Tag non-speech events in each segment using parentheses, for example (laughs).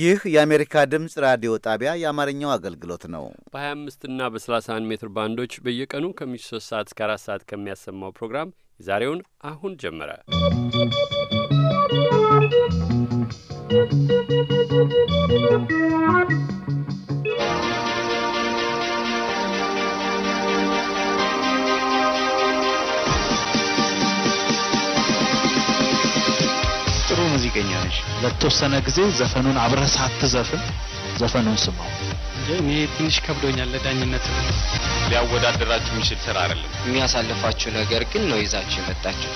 ይህ የአሜሪካ ድምፅ ራዲዮ ጣቢያ የአማርኛው አገልግሎት ነው። በ25 እና በ31 ሜትር ባንዶች በየቀኑ ከምሽቱ 3 ሰዓት እስከ 4 ሰዓት ከሚያሰማው ፕሮግራም የዛሬውን አሁን ጀመረ። ¶¶ ትጠይቀኛለች። ለተወሰነ ጊዜ ዘፈኑን አብረህ ሳትዘፍን ዘፈኑን ስማው። እኔ ትንሽ ከብዶኛል። ለዳኝነት ሊያወዳደራችሁ የሚችል ስራ አይደለም። የሚያሳልፋችሁ ነገር ግን ነው ይዛችሁ የመጣችሁ።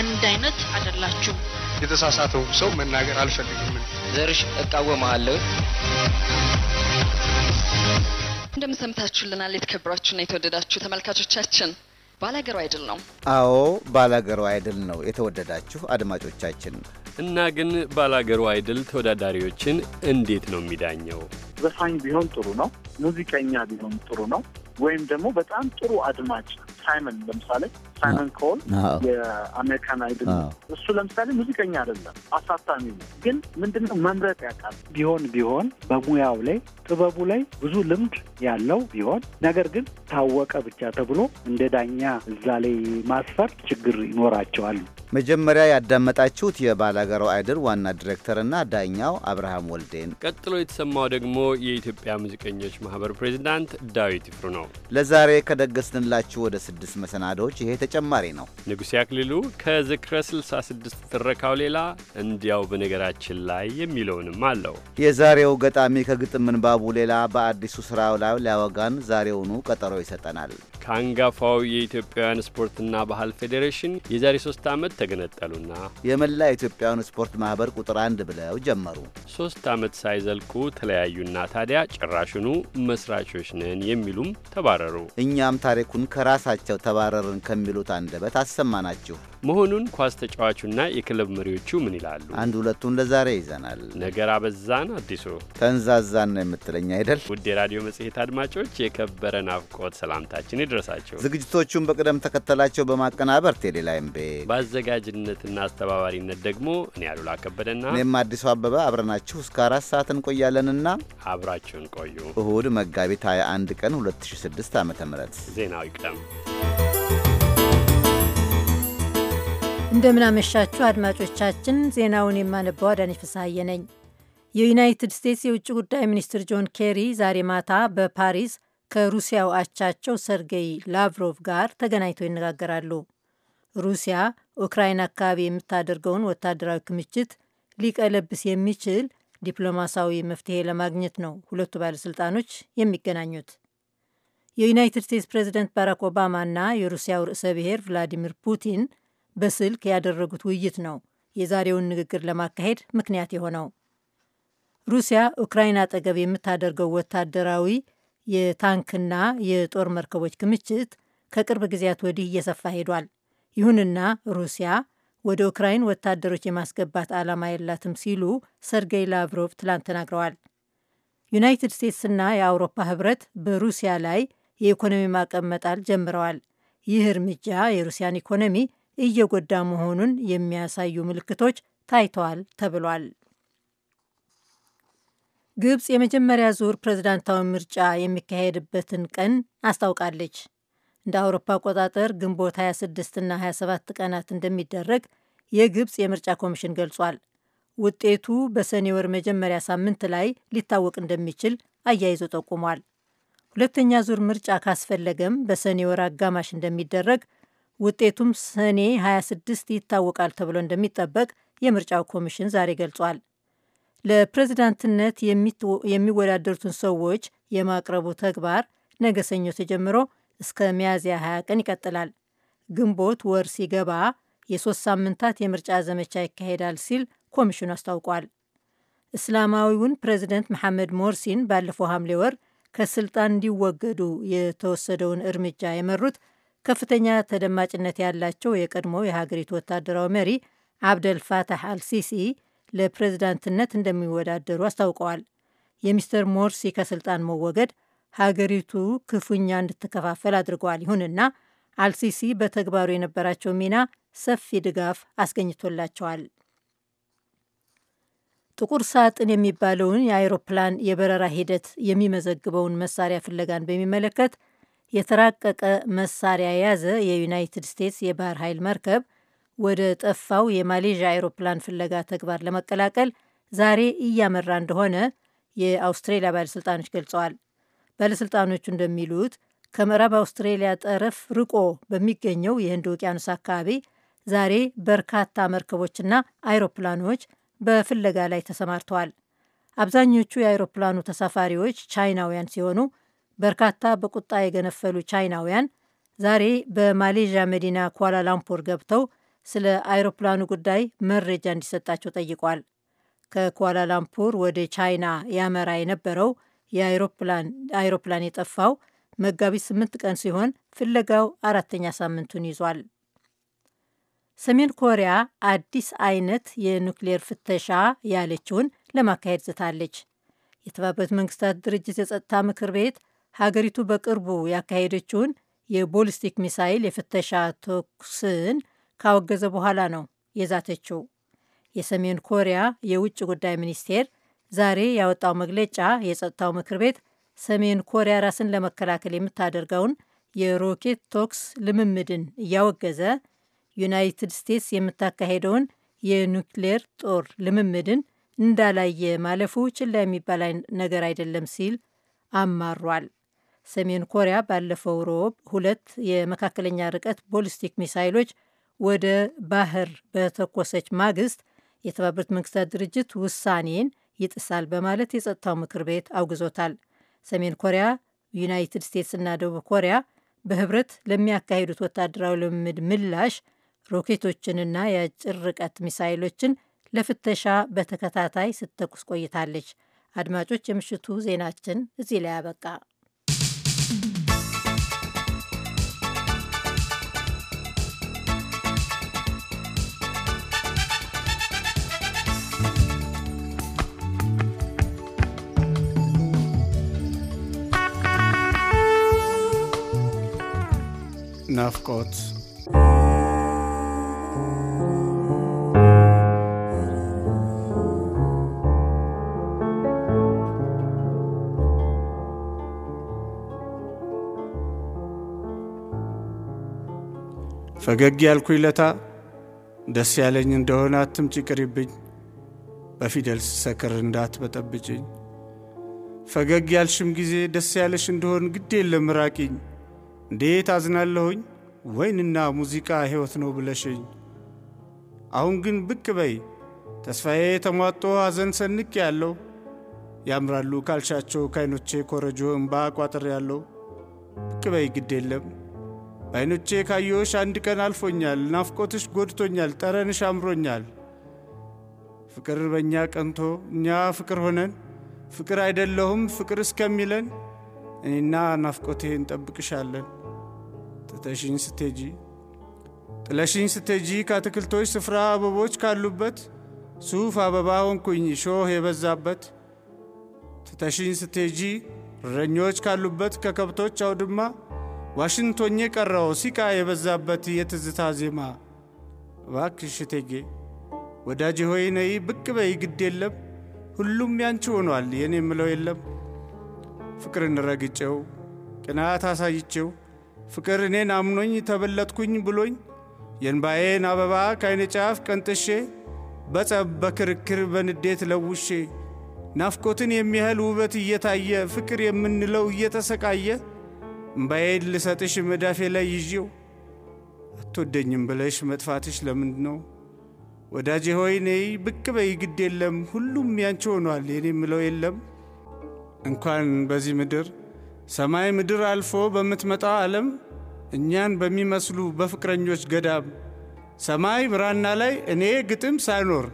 አንድ አይነት አይደላችሁም። የተሳሳተው ሰው መናገር አልፈልግም። ዘርሽ እቃወምሃለሁ። እንደምን ሰምታችሁልናል? የተከበራችሁና የተወደዳችሁ ተመልካቾቻችን ባላገሩ አይድል ነው። አዎ ባላገሩ አይድል ነው። የተወደዳችሁ አድማጮቻችን እና ግን ባላገሩ አይድል ተወዳዳሪዎችን እንዴት ነው የሚዳኘው? ዘፋኝ ቢሆን ጥሩ ነው። ሙዚቀኛ ቢሆን ጥሩ ነው። ወይም ደግሞ በጣም ጥሩ አድማጭ ሳይመን ለምሳሌ ሳይመን ኮል የአሜሪካን አይድል እሱ ለምሳሌ ሙዚቀኛ አይደለም፣ አሳታሚ ነው። ግን ምንድነው መምረጥ ያውቃል። ቢሆን ቢሆን በሙያው ላይ ጥበቡ ላይ ብዙ ልምድ ያለው ቢሆን ነገር ግን ታወቀ ብቻ ተብሎ እንደ ዳኛ እዛ ላይ ማስፈር ችግር ይኖራቸዋል። መጀመሪያ ያዳመጣችሁት የባላገራው አይድል ዋና ዲሬክተርና ዳኛው አብርሃም ወልዴን። ቀጥሎ የተሰማው ደግሞ የኢትዮጵያ ሙዚቀኞች ማህበር ፕሬዚዳንት ዳዊት ይፍሩ ነው። ለዛሬ ከደገስንላችሁ ወደ ስድስት መሰናዶዎች ይሄ ተጨማሪ ነው። ንጉሴ አክሊሉ ከዝክረ 66 ትረካው ሌላ እንዲያው በነገራችን ላይ የሚለውንም አለው። የዛሬው ገጣሚ ከግጥም ምንባቡ ሌላ በአዲሱ ስራ ላይ ሊያወጋን ዛሬውኑ ቀጠሮ ይሰጠናል። ከአንጋፋው የኢትዮጵያውያን ስፖርትና ባህል ፌዴሬሽን የዛሬ ሶስት ዓመት ተገነጠሉና የመላ ኢትዮጵያውያን ስፖርት ማህበር ቁጥር አንድ ብለው ጀመሩ። ሶስት ዓመት ሳይዘልቁ ተለያዩና ታዲያ ጭራሽኑ መስራቾች ነን የሚሉም ተባረሩ። እኛም ታሪኩን ከራሳቸው ተባረርን ከሚሉት አንደበት አሰማናችሁ። መሆኑን ኳስ ተጫዋቹና የክለብ መሪዎቹ ምን ይላሉ? አንድ ሁለቱን ለዛሬ ይዘናል። ነገር አበዛን። አዲሱ ተንዛዛን ነው የምትለኝ አይደል? ውድ የራዲዮ መጽሔት አድማጮች የከበረ ናፍቆት ሰላምታችን ይድረሳቸው። ዝግጅቶቹን በቅደም ተከተላቸው በማቀናበር ቴሌላይምቤ፣ በአዘጋጅነትና አስተባባሪነት ደግሞ እኔ አሉላ ከበደና እኔም አዲሱ አበበ አብረናችሁ እስከ አራት ሰዓት እንቆያለንና አብራችሁን ቆዩ። እሁድ መጋቢት 21 ቀን 2006 ዓ ም ዜናው ይቅደም። እንደምናመሻችሁ አድማጮቻችን፣ ዜናውን የማነበው አዳነች ፍስሐዬ ነኝ። የዩናይትድ ስቴትስ የውጭ ጉዳይ ሚኒስትር ጆን ኬሪ ዛሬ ማታ በፓሪስ ከሩሲያው አቻቸው ሰርጌይ ላቭሮቭ ጋር ተገናኝተው ይነጋገራሉ። ሩሲያ ኡክራይን አካባቢ የምታደርገውን ወታደራዊ ክምችት ሊቀለብስ የሚችል ዲፕሎማሲያዊ መፍትሄ ለማግኘት ነው ሁለቱ ባለሥልጣኖች የሚገናኙት። የዩናይትድ ስቴትስ ፕሬዚደንት ባራክ ኦባማና የሩሲያው ርዕሰ ብሔር ቭላዲሚር ፑቲን በስልክ ያደረጉት ውይይት ነው የዛሬውን ንግግር ለማካሄድ ምክንያት የሆነው። ሩሲያ ኡክራይን አጠገብ የምታደርገው ወታደራዊ የታንክና የጦር መርከቦች ክምችት ከቅርብ ጊዜያት ወዲህ እየሰፋ ሄዷል። ይሁንና ሩሲያ ወደ ኡክራይን ወታደሮች የማስገባት ዓላማ የላትም ሲሉ ሰርጌይ ላቭሮቭ ትላንት ተናግረዋል። ዩናይትድ ስቴትስና የአውሮፓ ህብረት በሩሲያ ላይ የኢኮኖሚ ማዕቀብ መጣል ጀምረዋል። ይህ እርምጃ የሩሲያን ኢኮኖሚ እየጎዳ መሆኑን የሚያሳዩ ምልክቶች ታይተዋል ተብሏል። ግብፅ የመጀመሪያ ዙር ፕሬዝዳንታዊ ምርጫ የሚካሄድበትን ቀን አስታውቃለች። እንደ አውሮፓ አቆጣጠር ግንቦት 26ና 27 ቀናት እንደሚደረግ የግብፅ የምርጫ ኮሚሽን ገልጿል። ውጤቱ በሰኔ ወር መጀመሪያ ሳምንት ላይ ሊታወቅ እንደሚችል አያይዞ ጠቁሟል። ሁለተኛ ዙር ምርጫ ካስፈለገም በሰኔ ወር አጋማሽ እንደሚደረግ ውጤቱም ሰኔ 26 ይታወቃል ተብሎ እንደሚጠበቅ የምርጫው ኮሚሽን ዛሬ ገልጿል። ለፕሬዝዳንትነት የሚወዳደሩትን ሰዎች የማቅረቡ ተግባር ነገ ሰኞ ተጀምሮ እስከ ሚያዝያ 20 ቀን ይቀጥላል። ግንቦት ወር ሲገባ የሶስት ሳምንታት የምርጫ ዘመቻ ይካሄዳል ሲል ኮሚሽኑ አስታውቋል። እስላማዊውን ፕሬዚደንት መሐመድ ሞርሲን ባለፈው ሐምሌ ወር ከስልጣን እንዲወገዱ የተወሰደውን እርምጃ የመሩት ከፍተኛ ተደማጭነት ያላቸው የቀድሞ የሀገሪቱ ወታደራዊ መሪ አብደል ፋታህ አልሲሲ ለፕሬዝዳንትነት እንደሚወዳደሩ አስታውቀዋል። የሚስተር ሞርሲ ከስልጣን መወገድ ሀገሪቱ ክፉኛ እንድትከፋፈል አድርገዋል። ይሁንና አልሲሲ በተግባሩ የነበራቸው ሚና ሰፊ ድጋፍ አስገኝቶላቸዋል። ጥቁር ሳጥን የሚባለውን የአይሮፕላን የበረራ ሂደት የሚመዘግበውን መሳሪያ ፍለጋን በሚመለከት የተራቀቀ መሳሪያ የያዘ የዩናይትድ ስቴትስ የባህር ኃይል መርከብ ወደ ጠፋው የማሌዥያ አውሮፕላን ፍለጋ ተግባር ለመቀላቀል ዛሬ እያመራ እንደሆነ የአውስትሬሊያ ባለሥልጣኖች ገልጸዋል። ባለሥልጣኖቹ እንደሚሉት ከምዕራብ አውስትሬሊያ ጠረፍ ርቆ በሚገኘው የህንድ ውቅያኖስ አካባቢ ዛሬ በርካታ መርከቦችና አይሮፕላኖች በፍለጋ ላይ ተሰማርተዋል። አብዛኞቹ የአይሮፕላኑ ተሳፋሪዎች ቻይናውያን ሲሆኑ በርካታ በቁጣ የገነፈሉ ቻይናውያን ዛሬ በማሌዥያ መዲና ኳላላምፖር ገብተው ስለ አይሮፕላኑ ጉዳይ መረጃ እንዲሰጣቸው ጠይቋል። ከኳላላምፖር ወደ ቻይና ያመራ የነበረው የአይሮፕላን የጠፋው መጋቢት ስምንት ቀን ሲሆን ፍለጋው አራተኛ ሳምንቱን ይዟል። ሰሜን ኮሪያ አዲስ አይነት የኑክሌር ፍተሻ ያለችውን ለማካሄድ ዝታለች። የተባበሩት መንግስታት ድርጅት የጸጥታ ምክር ቤት ሀገሪቱ በቅርቡ ያካሄደችውን የቦሊስቲክ ሚሳይል የፍተሻ ተኩስን ካወገዘ በኋላ ነው የዛተችው። የሰሜን ኮሪያ የውጭ ጉዳይ ሚኒስቴር ዛሬ ያወጣው መግለጫ የጸጥታው ምክር ቤት ሰሜን ኮሪያ ራስን ለመከላከል የምታደርገውን የሮኬት ቶክስ ልምምድን እያወገዘ ዩናይትድ ስቴትስ የምታካሄደውን የኒክሌር ጦር ልምምድን እንዳላየ ማለፉ ችላ የሚባል ነገር አይደለም ሲል አማሯል። ሰሜን ኮሪያ ባለፈው ሮብ ሁለት የመካከለኛ ርቀት ቦሊስቲክ ሚሳይሎች ወደ ባህር በተኮሰች ማግስት የተባበሩት መንግስታት ድርጅት ውሳኔን ይጥሳል በማለት የጸጥታው ምክር ቤት አውግዞታል። ሰሜን ኮሪያ፣ ዩናይትድ ስቴትስ እና ደቡብ ኮሪያ በህብረት ለሚያካሂዱት ወታደራዊ ልምምድ ምላሽ ሮኬቶችንና የአጭር ርቀት ሚሳይሎችን ለፍተሻ በተከታታይ ስትተኩስ ቆይታለች። አድማጮች፣ የምሽቱ ዜናችን እዚህ ላይ አበቃ። ናፍቆት ፈገግ ያልኩ ይለታ ደስ ያለኝ እንደሆነ አትምጪ ቅሪብኝ፣ በፊደል ስሰክር በጠብጭኝ ፈገግ ያልሽም ጊዜ ደስ ያለሽ እንደሆን ግድ የለም ራቂኝ። እንዴት አዝናለሁኝ! ወይንና ሙዚቃ ሕይወት ነው ብለሽኝ። አሁን ግን ብቅ በይ ተስፋዬ ተሟጦ ሐዘን ሰንቅ ያለው ያምራሉ ካልሻቸው ከዓይኖቼ ኮረጆ እምባ ቋጥር ያለው ብቅ በይ ግድ የለም በዓይኖቼ ካየሁሽ አንድ ቀን አልፎኛል። ናፍቆትሽ ጎድቶኛል፣ ጠረንሽ አምሮኛል። ፍቅር በእኛ ቀንቶ እኛ ፍቅር ሆነን ፍቅር አይደለሁም ፍቅር እስከሚለን እኔና ናፍቆቴ እንጠብቅሻለን። ትተሽኝ ስትሄጂ ጥለሽኝ ስትሄጂ ከአትክልቶች ስፍራ አበቦች ካሉበት ሱፍ አበባ ሆንኩኝ ሾህ የበዛበት ትተሽኝ ስትሄጂ እረኞች ካሉበት ከከብቶች አውድማ ዋሽንቶኜ ቀረው ሲቃ የበዛበት የትዝታ ዜማ። እባክሽ እቴጌ ወዳጅ ሆይ ነይ ብቅ በይ ግድ የለም ሁሉም ያንቺ ሆኗል የኔ የምለው የለም። ፍቅርን ረግጬው ቅናት አሳይቼው ፍቅር እኔን አምኖኝ ተበለጥኩኝ ብሎኝ የእንባዬን አበባ ከዓይነ ጫፍ ቀንጥሼ በጸብ በክርክር በንዴት ለውሼ ናፍቆትን የሚያህል ውበት እየታየ ፍቅር የምንለው እየተሰቃየ እምባዬን ልሰጥሽ መዳፌ ላይ ይዤው አትወደኝም ብለሽ መጥፋትሽ ለምንድ ነው? ወዳጄ ሆይ ነይ ብቅ በይ ግድ የለም ሁሉም ያንቺ ሆኗል የኔ ምለው የለም እንኳን በዚህ ምድር ሰማይ ምድር አልፎ በምትመጣው ዓለም እኛን በሚመስሉ በፍቅረኞች ገዳም ሰማይ ብራና ላይ እኔ ግጥም ሳይኖር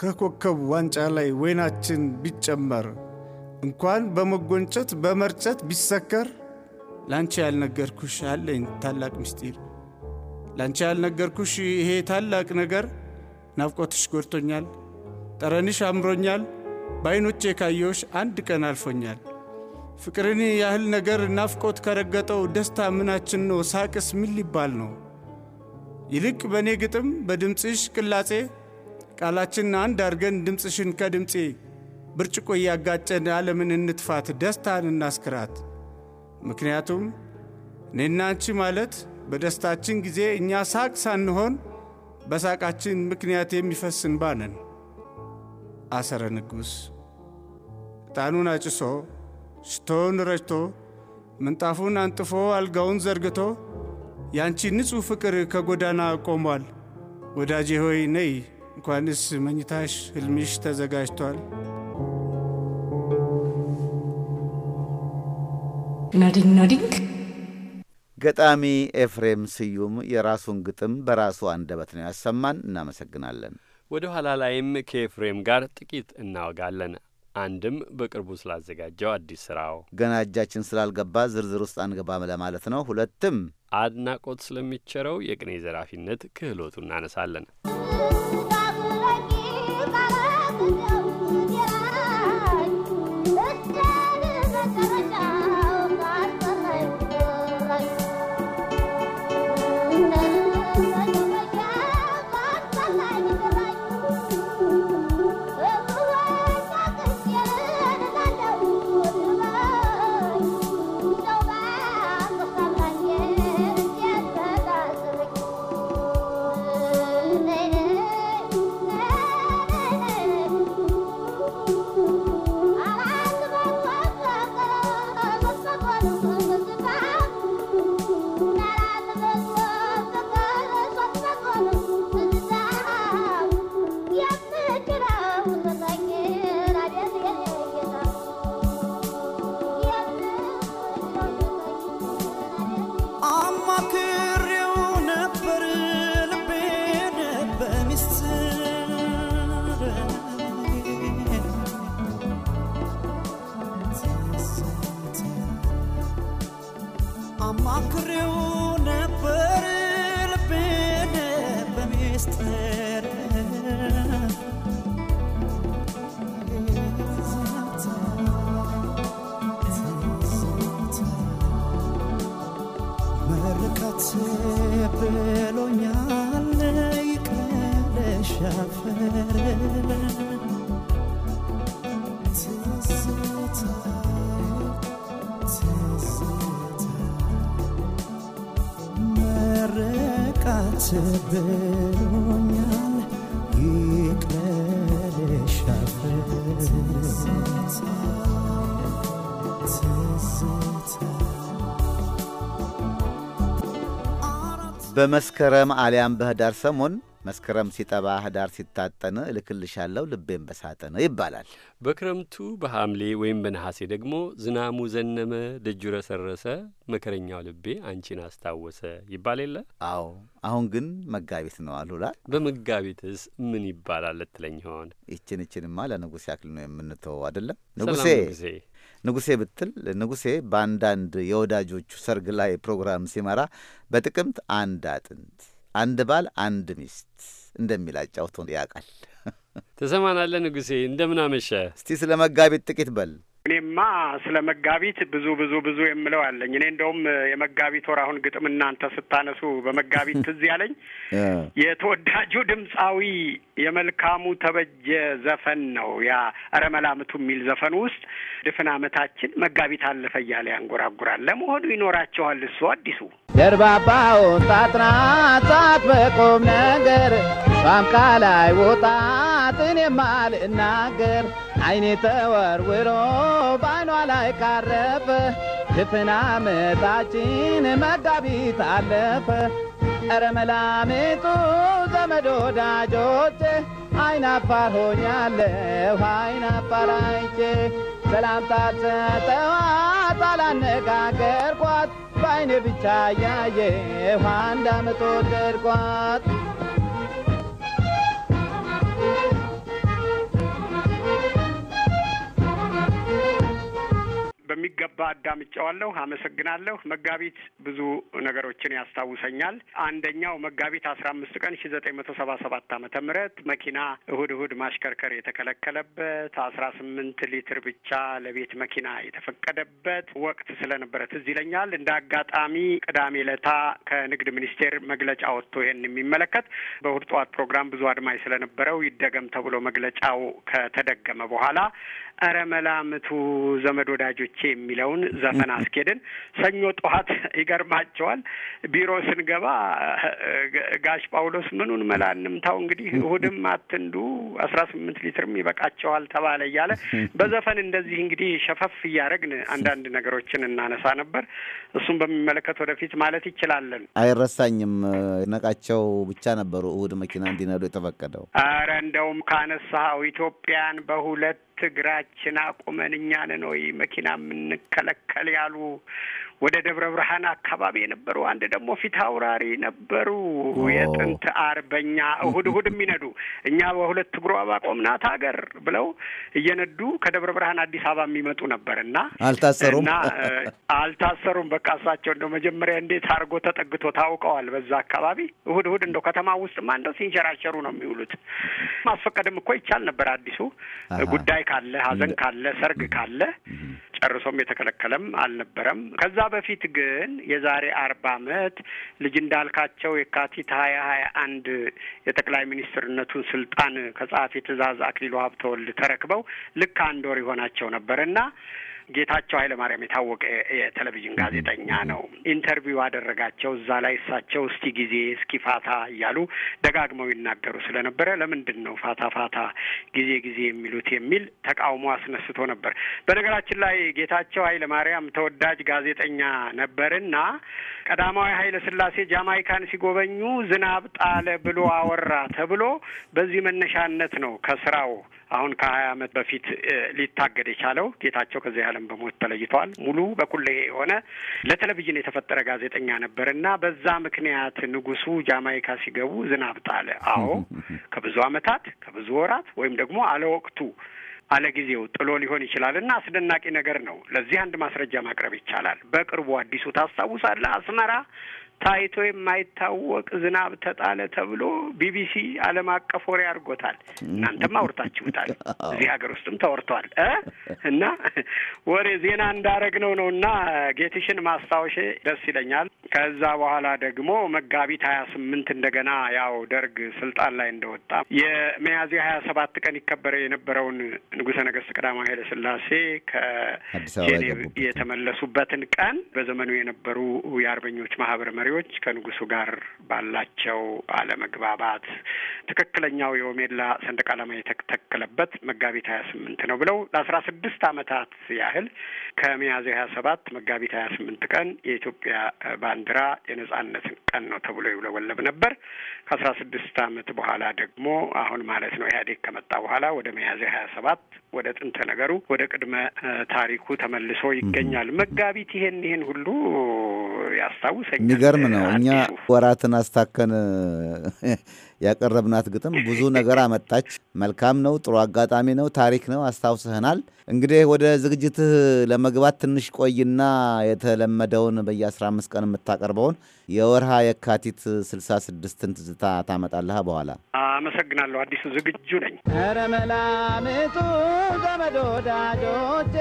ከኮከብ ዋንጫ ላይ ወይናችን ቢጨመር እንኳን በመጎንጨት በመርጨት ቢሰከር ላንቺ ያልነገርኩሽ አለኝ ታላቅ ምስጢር ላንቺ ያልነገርኩሽ ይሄ ታላቅ ነገር ናፍቆትሽ ጎድቶኛል፣ ጠረንሽ አምሮኛል፣ በዓይኖቼ ካየሁሽ አንድ ቀን አልፎኛል። ፍቅርን ያህል ነገር ናፍቆት ከረገጠው ደስታ ምናችን ነው? ሳቅስ ምን ሊባል ነው? ይልቅ በእኔ ግጥም በድምፅሽ ቅላጼ ቃላችን አንድ አድርገን ድምፅሽን ከድምፄ ብርጭቆ እያጋጨን ዓለምን እንትፋት፣ ደስታን እናስክራት። ምክንያቱም እኔና አንቺ ማለት በደስታችን ጊዜ እኛ ሳቅ ሳንሆን በሳቃችን ምክንያት የሚፈስን ባነን። አሰረ ንጉሥ ዕጣኑን አጭሶ ሽቶውን ረጭቶ ምንጣፉን አንጥፎ አልጋውን ዘርግቶ ያንቺ ንጹሕ ፍቅር ከጎዳና ቆሟል። ወዳጄ ሆይ ነይ፣ እንኳንስ መኝታሽ ሕልምሽ ተዘጋጅቷል። ናዲንግ ናዲንግ ገጣሚ ኤፍሬም ስዩም የራሱን ግጥም በራሱ አንደበት ነው ያሰማን። እናመሰግናለን። ወደ ኋላ ላይም ከኤፍሬም ጋር ጥቂት እናወጋለን። አንድም በቅርቡ ስላዘጋጀው አዲስ ስራው ገና እጃችን ስላልገባ ዝርዝር ውስጥ አንገባም ለማለት ነው። ሁለትም አድናቆት ስለሚቸረው የቅኔ ዘራፊነት ክህሎቱ እናነሳለን። በመስከረም አሊያም በህዳር ሰሞን መስከረም ሲጠባ ህዳር ሲታጠን እልክልሻለሁ ልቤን በሳጠን ይባላል። በክረምቱ በሐምሌ ወይም በነሐሴ ደግሞ ዝናሙ ዘነመ፣ ደጁ ረሰረሰ፣ መከረኛው ልቤ አንቺን አስታወሰ ይባል የለ? አዎ። አሁን ግን መጋቢት ነው አሉላ። በመጋቢትስ ምን ይባላል ልትለኝ ሆን? ይችን ይችንማ ለንጉሴ አክሊሉ ነው የምንተወው አይደለም ንጉሴ ንጉሴ ብትል ንጉሴ በአንዳንድ የወዳጆቹ ሰርግ ላይ ፕሮግራም ሲመራ በጥቅምት አንድ አጥንት አንድ ባል አንድ ሚስት እንደሚል አጫውቶ ያውቃል። ተሰማናለ ንጉሴ እንደምን አመሸ። እስቲ ስለ መጋቢት ጥቂት በል። እኔማ ስለ መጋቢት ብዙ ብዙ ብዙ የምለው አለኝ። እኔ እንደውም የመጋቢት ወር አሁን ግጥም እናንተ ስታነሱ በመጋቢት ትዝ ያለኝ (laughs) የተወዳጁ ድምፃዊ የመልካሙ ተበጀ ዘፈን ነው። ያ ኧረ መላምቱ የሚል ዘፈን ውስጥ ድፍን ዓመታችን መጋቢት አለፈ እያለ ያንጎራጉራል። ለመሆኑ ይኖራቸዋል እሱ አዲሱ ደርባባውን ጣጥና ጣት በቆም ነገር ቋንቋ ላይ ወጣትን የማልናገር አይኔ ተወርውሮ ባይኗ ላይ ካረፈ ድፍን ዓመታችን መጋቢት አለፈ። ኧረ መላምጡ ዘመድ ወዳጆቼ አይናፋር ሆኛለሁ አይናፋር አይቼ ሰላምታ ሰጠዋት አላነጋገርኳት በአይኔ ብቻ ያየሁ አንድ ዓመት ወደድኳት። በሚገባ አዳምጫዋለሁ። አመሰግናለሁ። መጋቢት ብዙ ነገሮችን ያስታውሰኛል። አንደኛው መጋቢት አስራ አምስት ቀን ሺ ዘጠኝ መቶ ሰባ ሰባት አመተ ምህረት መኪና እሁድ እሁድ ማሽከርከር የተከለከለበት አስራ ስምንት ሊትር ብቻ ለቤት መኪና የተፈቀደበት ወቅት ስለነበረ ትዝ ይለኛል። እንደ አጋጣሚ ቅዳሜ ለታ ከንግድ ሚኒስቴር መግለጫ ወጥቶ ይሄን የሚመለከት በእሁድ ጠዋት ፕሮግራም ብዙ አድማጭ ስለነበረው ይደገም ተብሎ መግለጫው ከተደገመ በኋላ እረ መላምቱ ዘመድ ወዳጆች። የሚለውን ዘፈን አስኬድን። ሰኞ ጠዋት ይገርማቸዋል ቢሮ ስንገባ ጋሽ ጳውሎስ ምኑን መላንም ታው እንግዲህ እሁድም አትንዱ አስራ ስምንት ሊትርም ይበቃቸዋል ተባለ እያለ በዘፈን እንደዚህ እንግዲህ ሸፈፍ እያደረግን አንዳንድ ነገሮችን እናነሳ ነበር። እሱን በሚመለከት ወደፊት ማለት ይችላለን። አይረሳኝም። ነቃቸው ብቻ ነበሩ እሁድ መኪና እንዲነዱ የተፈቀደው። አረ እንደውም ካነሳው ኢትዮጵያን በሁለት እግራችን አቁመን እኛን ነው መኪና የምንከለከል ያሉ ወደ ደብረ ብርሃን አካባቢ የነበሩ አንድ ደግሞ ፊት አውራሪ ነበሩ። የጥንት አርበኛ እሁድ እሁድ የሚነዱ እኛ በሁለት እግሯ ባቆምናት ሀገር ብለው እየነዱ ከደብረ ብርሃን አዲስ አበባ የሚመጡ ነበር እና አልታሰሩም እና አልታሰሩም። በቃ እሳቸው እንደው መጀመሪያ እንዴት አድርጎ ተጠግቶ ታውቀዋል። በዛ አካባቢ እሁድ እሁድ እንደው ከተማ ውስጥማ እንደው ሲንሸራሸሩ ነው የሚውሉት። ማስፈቀድም እኮ ይቻል ነበር አዲሱ ጉዳይ ካለ ሀዘን ካለ ሰርግ ካለ ጨርሶም የተከለከለም አልነበረም። ከዛ በፊት ግን የዛሬ አርባ አመት ልጅ እንዳልካቸው የካቲት ሀያ ሀያ አንድ የጠቅላይ ሚኒስትርነቱን ስልጣን ከጸሐፊ ትእዛዝ አክሊሉ ሀብተወልድ ተረክበው ልክ አንድ ወር የሆናቸው ነበር እና ጌታቸው ኃይለ ማርያም የታወቀ የቴሌቪዥን ጋዜጠኛ ነው። ኢንተርቪው አደረጋቸው እዛ ላይ እሳቸው እስቲ ጊዜ እስኪ ፋታ እያሉ ደጋግመው ይናገሩ ስለነበረ ለምንድን ነው ፋታ ፋታ ጊዜ ጊዜ የሚሉት የሚል ተቃውሞ አስነስቶ ነበር። በነገራችን ላይ ጌታቸው ኃይለ ማርያም ተወዳጅ ጋዜጠኛ ነበርና ቀዳማዊ ኃይለ ሥላሴ ጃማይካን ሲጎበኙ ዝናብ ጣለ ብሎ አወራ ተብሎ በዚህ መነሻነት ነው ከስራው አሁን ከሀያ ዓመት በፊት ሊታገድ የቻለው ጌታቸው ከዚህ ዓለም በሞት ተለይተዋል። ሙሉ በኩሌ የሆነ ለቴሌቪዥን የተፈጠረ ጋዜጠኛ ነበር እና በዛ ምክንያት ንጉሱ ጃማይካ ሲገቡ ዝናብ ጣለ። አዎ ከብዙ አመታት ከብዙ ወራት ወይም ደግሞ አለ ወቅቱ አለ ጊዜው ጥሎ ሊሆን ይችላል እና አስደናቂ ነገር ነው። ለዚህ አንድ ማስረጃ ማቅረብ ይቻላል። በቅርቡ አዲሱ ታስታውሳለህ፣ አስመራ ታይቶ የማይታወቅ ዝናብ ተጣለ ተብሎ ቢቢሲ ዓለም አቀፍ ወሬ አድርጎታል። እናንተም አውርታችሁታል፣ እዚህ ሀገር ውስጥም ተወርቷል እና ወሬ ዜና እንዳረግነው ነው እና ጌትሽን ማስታወሼ ደስ ይለኛል። ከዛ በኋላ ደግሞ መጋቢት ሀያ ስምንት እንደገና ያው ደርግ ስልጣን ላይ እንደወጣ የሚያዝያ ሀያ ሰባት ቀን ይከበረ የነበረውን ንጉሠ ነገሥት ቀዳማዊ ኃይለ ሥላሴ ከጄኔቭ የተመለሱበትን ቀን በዘመኑ የነበሩ የአርበኞች ማህበር መሪ መሪዎች ከንጉሱ ጋር ባላቸው አለመግባባት ትክክለኛው የኦሜላ ሰንደቅ ዓላማ የተተከለበት መጋቢት ሀያ ስምንት ነው ብለው ለአስራ ስድስት ዓመታት ያህል ከሚያዝያ ሀያ ሰባት መጋቢት ሀያ ስምንት ቀን የኢትዮጵያ ባንዲራ የነጻነትን ቀን ነው ተብሎ ይውለበለብ ነበር። ከአስራ ስድስት ዓመት በኋላ ደግሞ አሁን ማለት ነው ኢህአዴግ ከመጣ በኋላ ወደ ሚያዝያ ሀያ ሰባት ወደ ጥንተ ነገሩ ወደ ቅድመ ታሪኩ ተመልሶ ይገኛል። መጋቢት ይሄን ይሄን ሁሉ ያስታውሰኛል። የሚገርም ነው። እኛ ወራትን አስታከን ያቀረብናት ግጥም ብዙ ነገር አመጣች። መልካም ነው፣ ጥሩ አጋጣሚ ነው፣ ታሪክ ነው፣ አስታውስህናል። እንግዲህ ወደ ዝግጅትህ ለመግባት ትንሽ ቆይና የተለመደውን በየ15 ቀን የምታቀርበውን የወርሃ የካቲት 66ን ትዝታ ታመጣለህ። በኋላ አመሰግናለሁ። አዲሱ ዝግጁ ነኝ። ኧረ መላምቱ ዘመድ ወዳጆቼ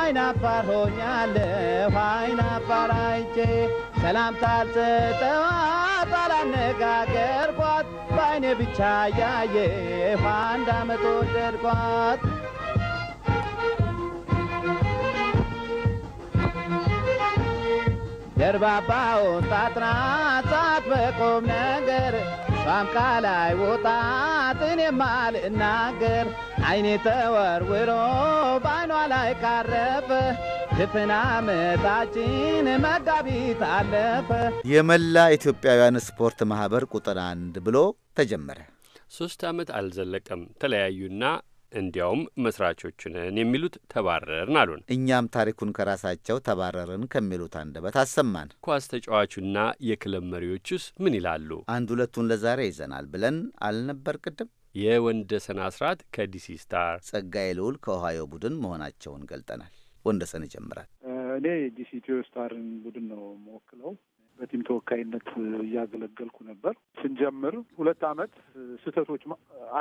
አይናፋር ሆኛለሁ አይናፋር አይቼ ሰላምታ አላነጋገርኳት ባይኔ ብቻ ያየሁ አንድ አመት ወደድኳት። ደርባባ ወጣት ናት ሳት በቆም ነገር ሷም ቃላይ ወጣት እኔም አይኔ ተወርውሮ ባይኗ ላይ ካረፈ ድፍን መጋቢት አለፈ። የመላ ኢትዮጵያውያን ስፖርት ማህበር ቁጥር አንድ ብሎ ተጀመረ። ሶስት ዓመት አልዘለቀም። ተለያዩና እንዲያውም መስራቾችንን የሚሉት ተባረርን አሉን። እኛም ታሪኩን ከራሳቸው ተባረርን ከሚሉት አንደበት አሰማን። ኳስ ተጫዋቹና የክለብ መሪዎቹስ ምን ይላሉ? አንድ ሁለቱን ለዛሬ ይዘናል ብለን አልነበር ቅድም የወንደሰን አስራት ከዲሲ ስታር፣ ጸጋዬ ልዑል ከኦሃዮ ቡድን መሆናቸውን ገልጠናል። ወንደሰን ይጀምራል። እኔ ዲሲ ኢትዮ ስታርን ቡድን ነው መወክለው። በቲም ተወካይነት እያገለገልኩ ነበር። ስንጀምር ሁለት አመት ስህተቶች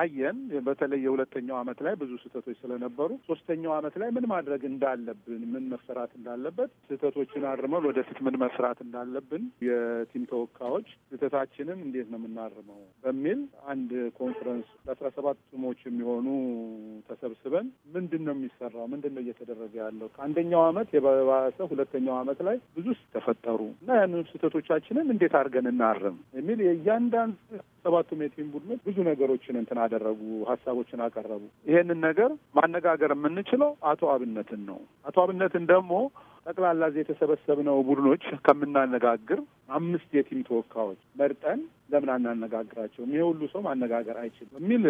አየን። በተለይ የሁለተኛው አመት ላይ ብዙ ስህተቶች ስለነበሩ ሶስተኛው አመት ላይ ምን ማድረግ እንዳለብን፣ ምን መሰራት እንዳለበት፣ ስህተቶችን አርመን ወደፊት ምን መስራት እንዳለብን የቲም ተወካዮች ስህተታችንን እንዴት ነው የምናርመው በሚል አንድ ኮንፈረንስ ለአስራ ሰባት ቲሞች የሚሆኑ ተሰብስበን ምንድን ነው የሚሰራው፣ ምንድን ነው እየተደረገ ያለው ከአንደኛው አመት የባሰ ሁለተኛው አመት ላይ ብዙ ተፈጠሩ እና ያንን ክፍተቶቻችንን እንዴት አድርገን እናርም የሚል የእያንዳንድ ሰባቱ የቲም ቡድኖች ብዙ ነገሮችን እንትን አደረጉ፣ ሀሳቦችን አቀረቡ። ይሄንን ነገር ማነጋገር የምንችለው አቶ አብነትን ነው። አቶ አብነትን ደግሞ ጠቅላላ እዚህ የተሰበሰብነው ቡድኖች ከምናነጋግር አምስት የቲም ተወካዮች መርጠን ለምን አናነጋግራቸውም? ይሄ ሁሉ ሰው ማነጋገር አይችልም የሚል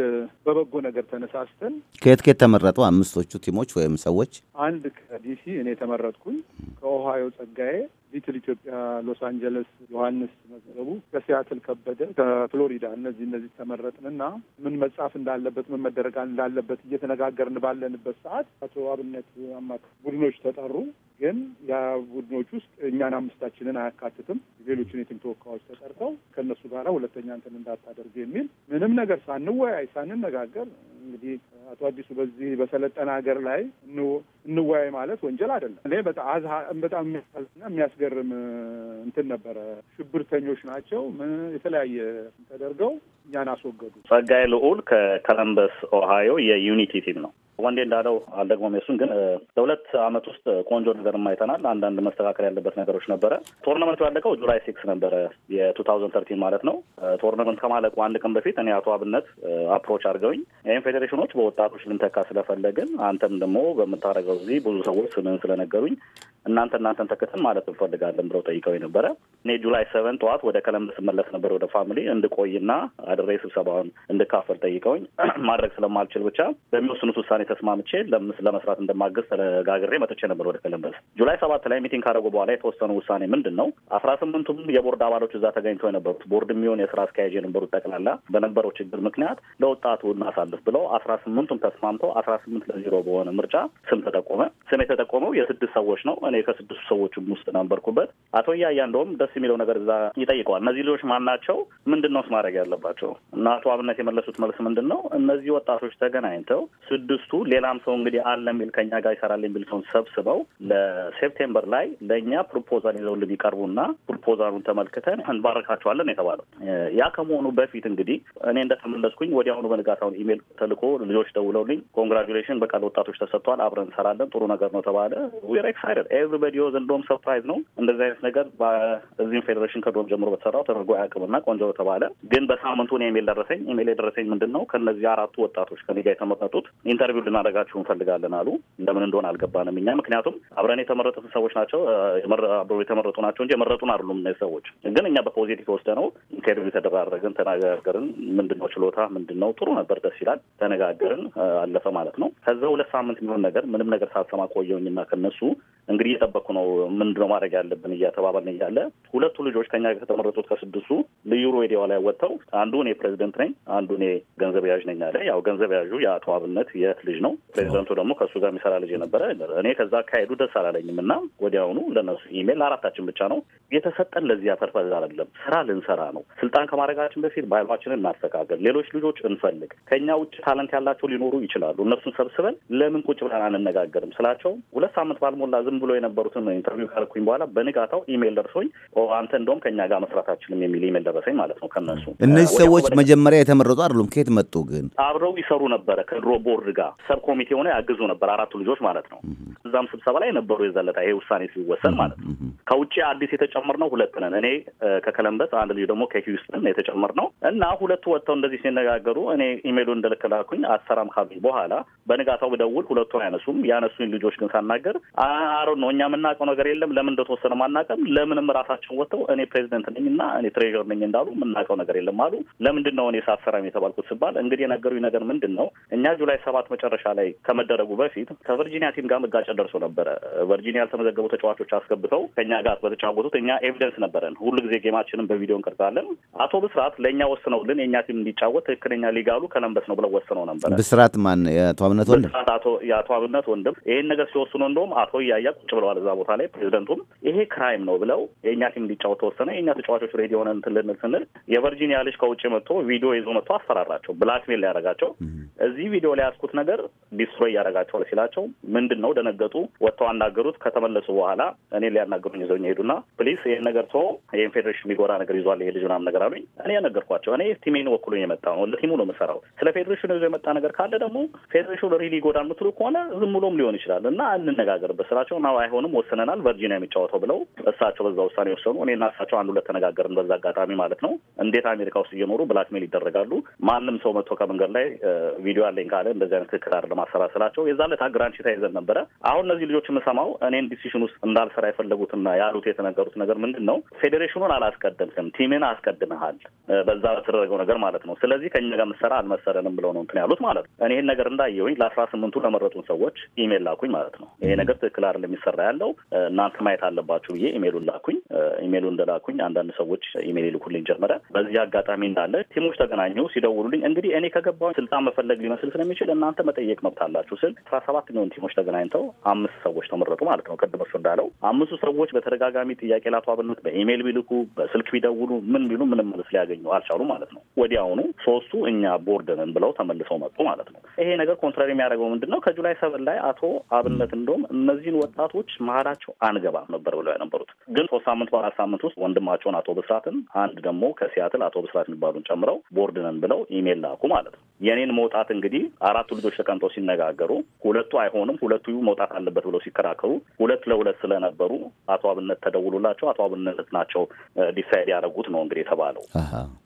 በበጎ ነገር ተነሳስተን ከየት ከየት ተመረጡ? አምስቶቹ ቲሞች ወይም ሰዎች አንድ ከዲሲ እኔ ተመረጥኩኝ፣ ከኦሃዮ ጸጋዬ፣ ሊትል ኢትዮጵያ ሎስ አንጀለስ ዮሐንስ መዝገቡ፣ ከሲያትል ከበደ፣ ከፍሎሪዳ እነዚህ እነዚህ ተመረጥንና ምን መጻፍ እንዳለበት ምን መደረግ እንዳለበት እየተነጋገርን ባለንበት ሰዓት አቶ አብነት አማካ ቡድኖች ተጠሩ። ግን ያ ቡድኖች ውስጥ እኛን አምስታችንን አያካትትም። ሌሎችን የቲም ተወካዮች ተጠርተው ከእነሱ ጋር ሁለተኛ እንትን እንዳታደርግ የሚል ምንም ነገር ሳንወያይ ሳንነጋገር እንግዲህ አቶ አዲሱ በዚህ በሰለጠነ ሀገር ላይ እንወያይ ማለት ወንጀል አይደለም። እኔ በጣም የሚያሳዝና የሚያስገርም እንትን ነበረ። ሽብርተኞች ናቸው የተለያየ ተደርገው እኛን አስወገዱ። ጸጋይ ልዑል ከኮለምበስ ኦሃዮ የዩኒቲ ቲም ነው። ወንዴ እንዳለው አልደግሞም የሱን ግን ለሁለት አመት ውስጥ ቆንጆ ነገር አይተናል። አንዳንድ መስተካከል ያለበት ነገሮች ነበረ። ቶርናመንቱ ያለቀው ጁላይ ሲክስ ነበረ የቱ ታውዘንድ ተርቲን ማለት ነው። ቶርናመንት ከማለቁ አንድ ቀን በፊት እኔ አቶ አብነት አፕሮች አድርገውኝ ይህም ፌዴሬሽኖች በወጣቶች ልንተካ ስለፈለግን አንተም ደግሞ በምታደርገው እዚህ ብዙ ሰዎች ስምን ስለነገሩኝ እናንተ እናንተን ተክተን ማለት እንፈልጋለን ብለው ጠይቀው ነበረ። እኔ ጁላይ ሰቨን ጠዋት ወደ ከለምብ ስመለስ ነበር ወደ ፋሚሊ እንድቆይና አድሬ ስብሰባውን እንድካፈል ጠይቀውኝ (clears throat) ማድረግ ስለማልችል ብቻ በሚወስኑት ውሳኔ ተስማምቼ ለመስራት እንደማገዝ ተነጋግሬ መጥቼ ነበር ወደ ከለንበስ። ጁላይ ሰባት ላይ ሚቲንግ ካደረጉ በኋላ የተወሰኑ ውሳኔ ምንድን ነው አስራ ስምንቱም የቦርድ አባሎች እዛ ተገኝተው የነበሩት ቦርድ የሚሆን የስራ አስኪያጅ የነበሩት ጠቅላላ በነበረው ችግር ምክንያት ለወጣቱ እናሳልፍ ብለው አስራ ስምንቱም ተስማምተው አስራ ስምንት ለዜሮ በሆነ ምርጫ ስም ተጠቆመ። ስም የተጠቆመው የስድስት ሰዎች ነው። እኔ ከስድስቱ ሰዎችም ውስጥ ነበርኩበት። አቶ እያያ እንደውም ደስ የሚለው ነገር እዛ ይጠይቀዋል። እነዚህ ልጆች ማናቸው? ምንድን ነውስ ማድረግ ያለባቸው? እና አቶ አብነት የመለሱት መልስ ምንድን ነው? እነዚህ ወጣቶች ተገናኝተው ስድስቱ ሌላም ሰው እንግዲህ አለ የሚል ከኛ ጋር ይሰራል የሚል ሰውን ሰብስበው ለሴፕቴምበር ላይ ለእኛ ፕሮፖዛል ይዘው ቢቀርቡና ፕሮፖዛሉን ተመልክተን እንባረካቸዋለን የተባለው። ያ ከመሆኑ በፊት እንግዲህ እኔ እንደተመለስኩኝ ወዲያውኑ በንጋታውን ኢሜል ተልኮ ልጆች ደውለውልኝ ኮንግራጁሌሽን በቃል ወጣቶች ተሰጥቷል፣ አብረን እንሰራለን፣ ጥሩ ነገር ነው ተባለ። ዊር ኤክሳይደድ ኤቭሪበዲ ወዝ እንደውም ሰርፕራይዝ ነው እንደዚህ አይነት ነገር በዚህም ፌዴሬሽን ከድሮም ጀምሮ በተሰራው ተደርጎ አያውቅምና ቆንጆ ተባለ። ግን በሳምንቱ ኔ ኢሜል ደረሰኝ። ኢሜል የደረሰኝ ምንድን ነው ከእነዚህ አራቱ ወጣቶች ከኔ ጋር የተመረጡት ኢንተርቪው ልናደርጋችሁ እንፈልጋለን አሉ። እንደምን እንደሆነ አልገባንም እኛ ምክንያቱም አብረን የተመረጡትን ሰዎች ናቸው አብረው የተመረጡ ናቸው እንጂ የመረጡን አይደሉም እነዚህ ሰዎች። ግን እኛ በፖዚቲቭ ነው ኢንተርቪው የተደራረግን ተነጋገርን። ምንድነው ችሎታ ምንድነው? ጥሩ ነበር፣ ደስ ይላል። ተነጋገርን፣ አለፈ ማለት ነው። ከዛ ሁለት ሳምንት የሚሆን ነገር ምንም ነገር ሳትሰማ ቆየሁኝና ከነሱ እንግዲህ እየጠበቅኩ ነው ምንድነው ማድረግ ያለብን እየተባባልን እያለ ሁለቱ ልጆች ከኛ ከተመረጡት ከስድስቱ ልዩ ሬዲዮ ላይ ወጥተው አንዱ እኔ ፕሬዚደንት ነኝ፣ አንዱ እኔ ገንዘብ ያዥ ነኝ አለ። ያው ገንዘብ ያዡ የአቶ አብነት የት ልጅ ልጅ ነው። ፕሬዚደንቱ ደግሞ ከእሱ ጋር የሚሰራ ልጅ የነበረ እኔ ከዛ አካሄዱ ደስ አላለኝም እና ወዲያውኑ ለነሱ ኢሜል ለአራታችን ብቻ ነው የተሰጠን። ለዚያ ፐርፐዝ አይደለም፣ ስራ ልንሰራ ነው። ስልጣን ከማድረጋችን በፊት ባህሏችንን እናስተካከል፣ ሌሎች ልጆች እንፈልግ። ከኛ ውጭ ታለንት ያላቸው ሊኖሩ ይችላሉ። እነሱን ሰብስበን ለምን ቁጭ ብለን አንነጋገርም ስላቸው ሁለት ሳምንት ባልሞላ ዝም ብሎ የነበሩትን ኢንተርቪው ካልኩኝ በኋላ በንጋታው ኢሜል ደርሶኝ አንተ እንደውም ከኛ ጋር መስራት አችልም የሚል ኢሜል ደረሰኝ ማለት ነው ከነሱ። እነዚህ ሰዎች መጀመሪያ የተመረጡ አይደሉም። ከየት መጡ ግን? አብረው ይሰሩ ነበረ ከድሮ ቦርድ ጋር ሰብ ኮሚቴ ሆነ ያግዙ ነበር፣ አራቱ ልጆች ማለት ነው። እዛም ስብሰባ ላይ ነበሩ የዛለታ ይሄ ውሳኔ ሲወሰን ማለት ነው። ከውጭ አዲስ የተጨመርነው ሁለት ነን። እኔ ከከለምበት አንድ ልጅ ደግሞ ከሂውስተን የተጨመርነው እና ሁለቱ ወጥተው እንደዚህ ሲነጋገሩ እኔ ኢሜይሉን እንደልክላኩኝ አሰራም ካሉ በኋላ በንጋታው ብደውል ሁለቱን አያነሱም። ያነሱኝ ልጆች ግን ሳናገር አሮ ነው እኛ የምናውቀው ነገር የለም ለምን እንደተወሰነ ማናቀም ለምንም ራሳቸው ወጥተው እኔ ፕሬዚደንት ነኝ እና እኔ ትሬዥር ነኝ እንዳሉ የምናውቀው ነገር የለም አሉ። ለምንድን ነው እኔ ሳሰራም የተባልኩት ስባል እንግዲህ የነገሩኝ ነገር ምንድን ነው እኛ ጁላይ ሰባት መጨረ መጨረሻ ላይ ከመደረጉ በፊት ከቨርጂኒያ ቲም ጋር መጋጨት ደርሶ ነበረ። ቨርጂኒያ ያልተመዘገቡ ተጫዋቾች አስገብተው ከኛ ጋር በተጫወቱት እኛ ኤቪደንስ ነበረን። ሁሉ ጊዜ ጌማችንን በቪዲዮ እንቀርጻለን። አቶ ብስራት ለእኛ ወስነውልን የእኛ ቲም እንዲጫወት ትክክለኛ ሊጋሉ ከለንበስ ነው ብለው ወስነው ነበረ። ብስራት ማን? የአቶ አብነት ወንድም የአቶ አብነት ወንድም ይህን ነገር ሲወስኑ እንደውም አቶ እያያ ቁጭ ብለዋል እዛ ቦታ ላይ ፕሬዚደንቱም ይሄ ክራይም ነው ብለው የእኛ ቲም እንዲጫወት ተወሰነ። የእኛ ተጫዋቾች ሬዲ የሆነ እንትን ልንል ስንል የቨርጂኒያ ልጅ ከውጭ መጥቶ ቪዲዮ ይዞ መጥቶ አስፈራራቸው፣ ብላክሜል ሊያደርጋቸው እዚህ ቪዲዮ ላይ ያስኩት ነገር ነገር ዲስትሮይ እያደረጋቸዋል ሲላቸው ምንድን ነው ደነገጡ። ወጥተው አናገሩት። ከተመለሱ በኋላ እኔ ሊያናገሩኝ ይዘው ሄዱና ፕሊስ ይህን ነገር ሰው ይህን ፌዴሬሽን የሚጎራ ነገር ይዟል ይሄ ልጅ ምናምን ነገር አሉኝ። እኔ ያነገርኳቸው እኔ ቲሜን ወክሎኝ የመጣ ነው፣ ለቲሙ ነው የምሰራው። ስለ ፌዴሬሽኑ ይዞ የመጣ ነገር ካለ ደግሞ ፌዴሬሽኑ ሪሊ ይጎዳል የምትሉ ከሆነ ዝም ብሎም ሊሆን ይችላል እና እንነጋገርበት ስላቸው ና አይሆንም፣ ወስነናል፣ ቨርጂኒያ የሚጫወተው ብለው እሳቸው በዛ ውሳኔ ወሰኑ። እኔና እሳቸው አንድ ሁለት ተነጋገርን በዛ አጋጣሚ ማለት ነው። እንዴት አሜሪካ ውስጥ እየኖሩ ብላክሜል ይደረጋሉ? ማንም ሰው መጥቶ ከመንገድ ላይ ቪዲዮ አለኝ ካለ እንደዚህ አይነት ክራር ለማሰላሰላቸው የዛን ዕለት አግራንቺ ተይዘን ነበረ። አሁን እነዚህ ልጆች የምሰማው እኔን ዲሲሽን ውስጥ እንዳልሰራ የፈለጉትና ያሉት የተነገሩት ነገር ምንድን ነው? ፌዴሬሽኑን አላስቀደምክም፣ ቲምን አስቀድመሃል፣ በዛ በተደረገው ነገር ማለት ነው። ስለዚህ ከኛ ጋር ምሰራ አልመሰለንም ብለው ነው እንትን ያሉት ማለት ነው። እኔ ይህን ነገር እንዳየሁኝ ለአስራ ስምንቱ ለመረጡን ሰዎች ኢሜል ላኩኝ ማለት ነው። ይሄ ነገር ትክክል አይደለም የሚሰራ ያለው እናንተ ማየት አለባችሁ ብዬ ኢሜሉን ላኩኝ። ኢሜሉ እንደላኩኝ አንዳንድ ሰዎች ኢሜል ይልኩልኝ ጀመረ። በዚህ አጋጣሚ እንዳለ ቲሞች ተገናኙ፣ ሲደውሉልኝ እንግዲህ እኔ ከገባሁ ስልጣን መፈለግ ሊመስል ስለሚችል እናንተ መጠየቅ መብት አላችሁ ስል አስራ ሰባት ቲሞች ተገናኝተው አምስት ሰዎች ተመረጡ ማለት ነው። ቅድም እሱ እንዳለው አምስቱ ሰዎች በተደጋጋሚ ጥያቄ ላቶ አብነት በኢሜይል ቢልኩ፣ በስልክ ቢደውሉ፣ ምን ቢሉ ምንም መልስ ሊያገኙ አልቻሉ ማለት ነው። ወዲያውኑ ሶስቱ እኛ ቦርድንን ብለው ተመልሰው መጡ ማለት ነው። ይሄ ነገር ኮንትራሪ የሚያደርገው ምንድን ነው? ከጁላይ ሰብን ላይ አቶ አብነት እንደውም እነዚህን ወጣቶች መሀላቸው አንገባ ነበር ብለው የነበሩት ግን ሶስት ሳምንት በአራት ሳምንት ውስጥ ወንድማቸውን አቶ ብስራትን አንድ ደግሞ ከሲያትል አቶ ብስራት የሚባሉን ጨምረው ቦርድንን ብለው ኢሜይል ላኩ ማለት ነው። የኔን መውጣት እንግዲህ አራቱ ልጆች ተቀምጠው ሲነጋገሩ ሁለቱ አይሆንም፣ ሁለቱ መውጣት አለበት ብለው ሲከራከሩ ሁለት ለሁለት ስለነበሩ አቶ አብነት ተደውሉላቸው አቶ አብነት ናቸው ዲሳይድ ያደረጉት ነው እንግዲህ የተባለው።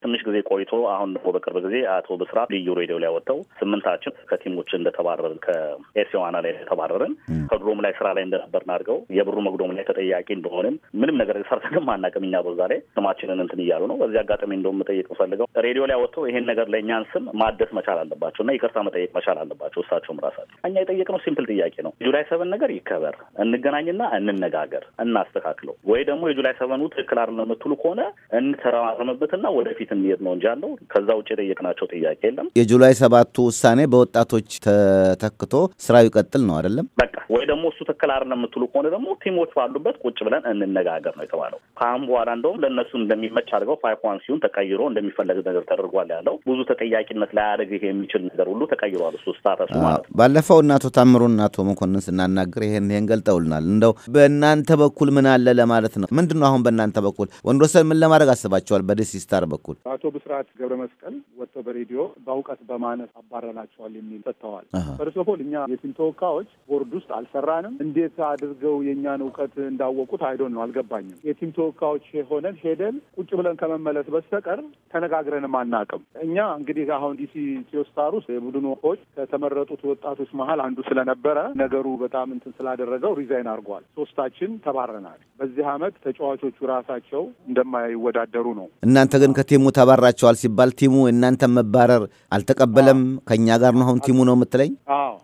ትንሽ ጊዜ ቆይቶ አሁን ደግሞ በቅርብ ጊዜ አቶ ብስራት ልዩ ሬዲዮ ላይ ወጥተው ስምንታችን ከቲሞች እንደተባረርን ከኤስዋና ላይ እንደተባረርን ከድሮም ላይ ስራ ላይ እንደነበርን አድርገው የብሩ መግዶም ላይ ተጠያቂ እንደሆንን ምንም ነገር ሰርተንም አናውቅም እኛ በዛ ላይ ስማችንን እንትን እያሉ ነው። በዚህ አጋጣሚ እንደውም ጠይቅ ፈልገው ሬዲዮ ላይ ወጥተው ይሄን ነገር ለእኛን ስም ማደስ መቻል አለባቸው እና ይቅርታ መጠየቅ መቻል አለባቸው እሳቸውም ራሳቸው። እኛ የጠየቅነው ሲምፕል ጥያቄ ነው። የጁላይ ሰቨን ነገር ይከበር፣ እንገናኝና እንነጋገር፣ እናስተካክለው። ወይ ደግሞ የጁላይ ሰቨኑ ትክክል አይደለም የምትሉ ከሆነ እንተረማረምበትና ወደፊት እንሄድ ነው እንጂ ያለው ከዛ ውጭ የጠየቅናቸው ጥያቄ የለም። የጁላይ ሰባቱ ውሳኔ በወጣቶች ተተክቶ ስራው ይቀጥል ነው አይደለም። በቃ ወይ ደግሞ እሱ ትክክል አይደለም የምትሉ ከሆነ ደግሞ ቲሞች ባሉበት ቁጭ ብለን እንነጋገር ነው የተባለው። ከአሁን በኋላ እንደውም ለእነሱ እንደሚመች አድርገው ፋይፍ ሲሆን ተቀይሮ እንደሚፈለግ ነገር ተደርጓል ያለው ብዙ ተጠያቂነት ላይ ሊይዝህ የሚችል ነገር ሁሉ ተቀይሯል። እሱ ስታተሱ ማለት ነው። ባለፈው እናቶ አቶ እናቶ አቶ መኮንን ስናናግር ይሄን ይሄን ገልጠውልናል። እንደው በእናንተ በኩል ምን አለ ለማለት ነው። ምንድን ነው አሁን በእናንተ በኩል ወንዶሰን ምን ለማድረግ አስባቸዋል? በዲሲ ስታር በኩል አቶ ብስራት ገብረ መስቀል ወጥተው በሬዲዮ በእውቀት በማነስ አባረናቸዋል የሚል ሰጥተዋል። ፈርስፎል እኛ የቲም ተወካዮች ቦርድ ውስጥ አልሰራንም። እንዴት አድርገው የእኛን እውቀት እንዳወቁት አይዶን ነው አልገባኝም። የቲም ተወካዮች ሆነን ሄደን ቁጭ ብለን ከመመለስ በስተቀር ተነጋግረንም አናውቅም። እኛ እንግዲህ አሁን ዲሲ ኢትዮስታር ውስጥ የቡድኑ ኮች ከተመረጡት ወጣቶች መሀል አንዱ ስለነበረ ነገሩ በጣም እንትን ስላደረገው ሪዛይን አድርጓል። ሶስታችን ተባረናል። በዚህ አመት ተጫዋቾቹ ራሳቸው እንደማይወዳደሩ ነው። እናንተ ግን ከቲሙ ተባራቸዋል ሲባል ቲሙ እናንተ መባረር አልተቀበለም። ከእኛ ጋር ነው አሁን ቲሙ ነው የምትለኝ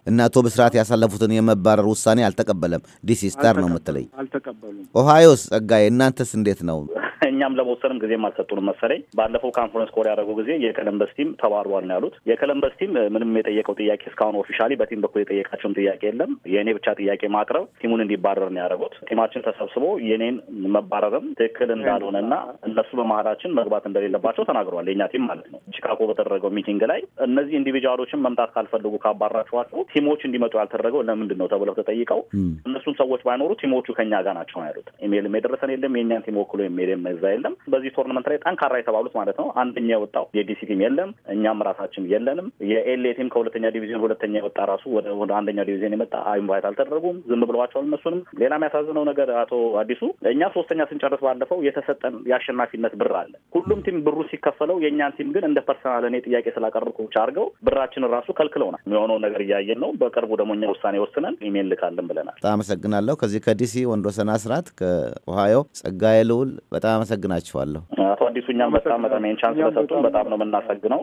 እና አቶ ብስራት ያሳለፉትን የመባረር ውሳኔ አልተቀበለም። ዲሲ ስታር ነው የምትለኝ አልተቀበሉም። ኦሃዮስ ጸጋዬ፣ እናንተስ እንዴት ነው? እኛም ለመወሰንም ጊዜም አልሰጡንም መሰለኝ። ባለፈው ካንፈረንስ ኮር ያደረጉ ጊዜ የከለምበስ ቲም ተባሯል ነው ያሉት። የከለምበስ ቲም ምንም የጠየቀው ጥያቄ እስካሁን ኦፊሻሊ በቲም በኩል የጠየቃቸውም ጥያቄ የለም። የእኔ ብቻ ጥያቄ ማቅረብ ቲሙን እንዲባረር ነው ያደረጉት። ቲማችን ተሰብስቦ የኔን መባረርም ትክክል እንዳልሆነ እንዳልሆነና እነሱ በመሀላችን መግባት እንደሌለባቸው ተናግረዋል። የኛ ቲም ማለት ነው። ቺካጎ በተደረገው ሚቲንግ ላይ እነዚህ ኢንዲቪጁዋሎችን መምጣት ካልፈልጉ ካባራችኋቸው ቲሞች እንዲመጡ ያልተደረገው ለምንድን ነው ተብለው ተጠይቀው እነሱም ሰዎች ባይኖሩ ቲሞቹ ከኛ ጋር ናቸው ያሉት። ኢሜልም የደረሰን የለም የእኛን ቲም ወክሎ ኢሜል የለም። በዚህ ቶርናመንት ላይ ጠንካራ የተባሉት ማለት ነው አንደኛ የወጣው የዲሲ ቲም የለም፣ እኛም ራሳችን የለንም። የኤልኤ ቲም ከሁለተኛ ዲቪዚዮን ሁለተኛ የወጣ ራሱ ወደ አንደኛ ዲቪዚዮን የመጣ ኢንቫይት አልተደረጉም፣ ዝም ብለዋቸዋል። እነሱንም ሌላ የሚያሳዝነው ነገር አቶ አዲሱ እኛ ሶስተኛ ስንጨርስ ባለፈው የተሰጠን የአሸናፊነት ብር አለ። ሁሉም ቲም ብሩ ሲከፈለው የእኛን ቲም ግን እንደ ፐርሰናል እኔ ጥያቄ ስላቀረብኩ ብቻ አድርገው ብራችንን ራሱ ከልክለውናል። የሆነውን ነገር እያየን ነው። በቅርቡ ደግሞ እኛ ውሳኔ ወስነን ኢሜል ልካለን ብለናል። በጣም አመሰግናለሁ። ከዚህ ከዲሲ ወንዶ ሰና ስርዓት ከኦሃዮ ጸጋዬ ልውል በጣም አመሰግናችኋለሁ አቶ አዲሱ። እኛም በጣም በጣም ይህን ቻንስ ስለሰጡን በጣም ነው የምናሰግነው።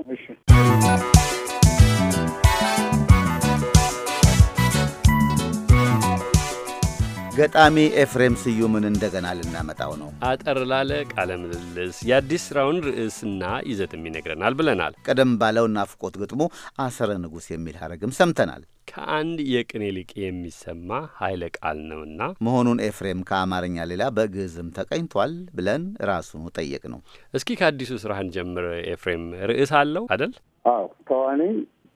ገጣሚ ኤፍሬም ስዩምን እንደገና ልናመጣው ነው። አጠር ላለ ቃለ ምልልስ የአዲስ ስራውን ርዕስና ይዘትም ይነግረናል ብለናል። ቀደም ባለው ናፍቆት ግጥሙ አሰረ ንጉሥ የሚል ሀረግም ሰምተናል። ከአንድ የቅኔ ሊቅ የሚሰማ ኃይለ ቃል ነውና መሆኑን ኤፍሬም ከአማርኛ ሌላ በግዕዝም ተቀኝቷል ብለን ራሱን ጠየቅ ነው። እስኪ ከአዲሱ ስራህን ጀምር ኤፍሬም። ርዕስ አለው አደል? አዎ። ተዋኔ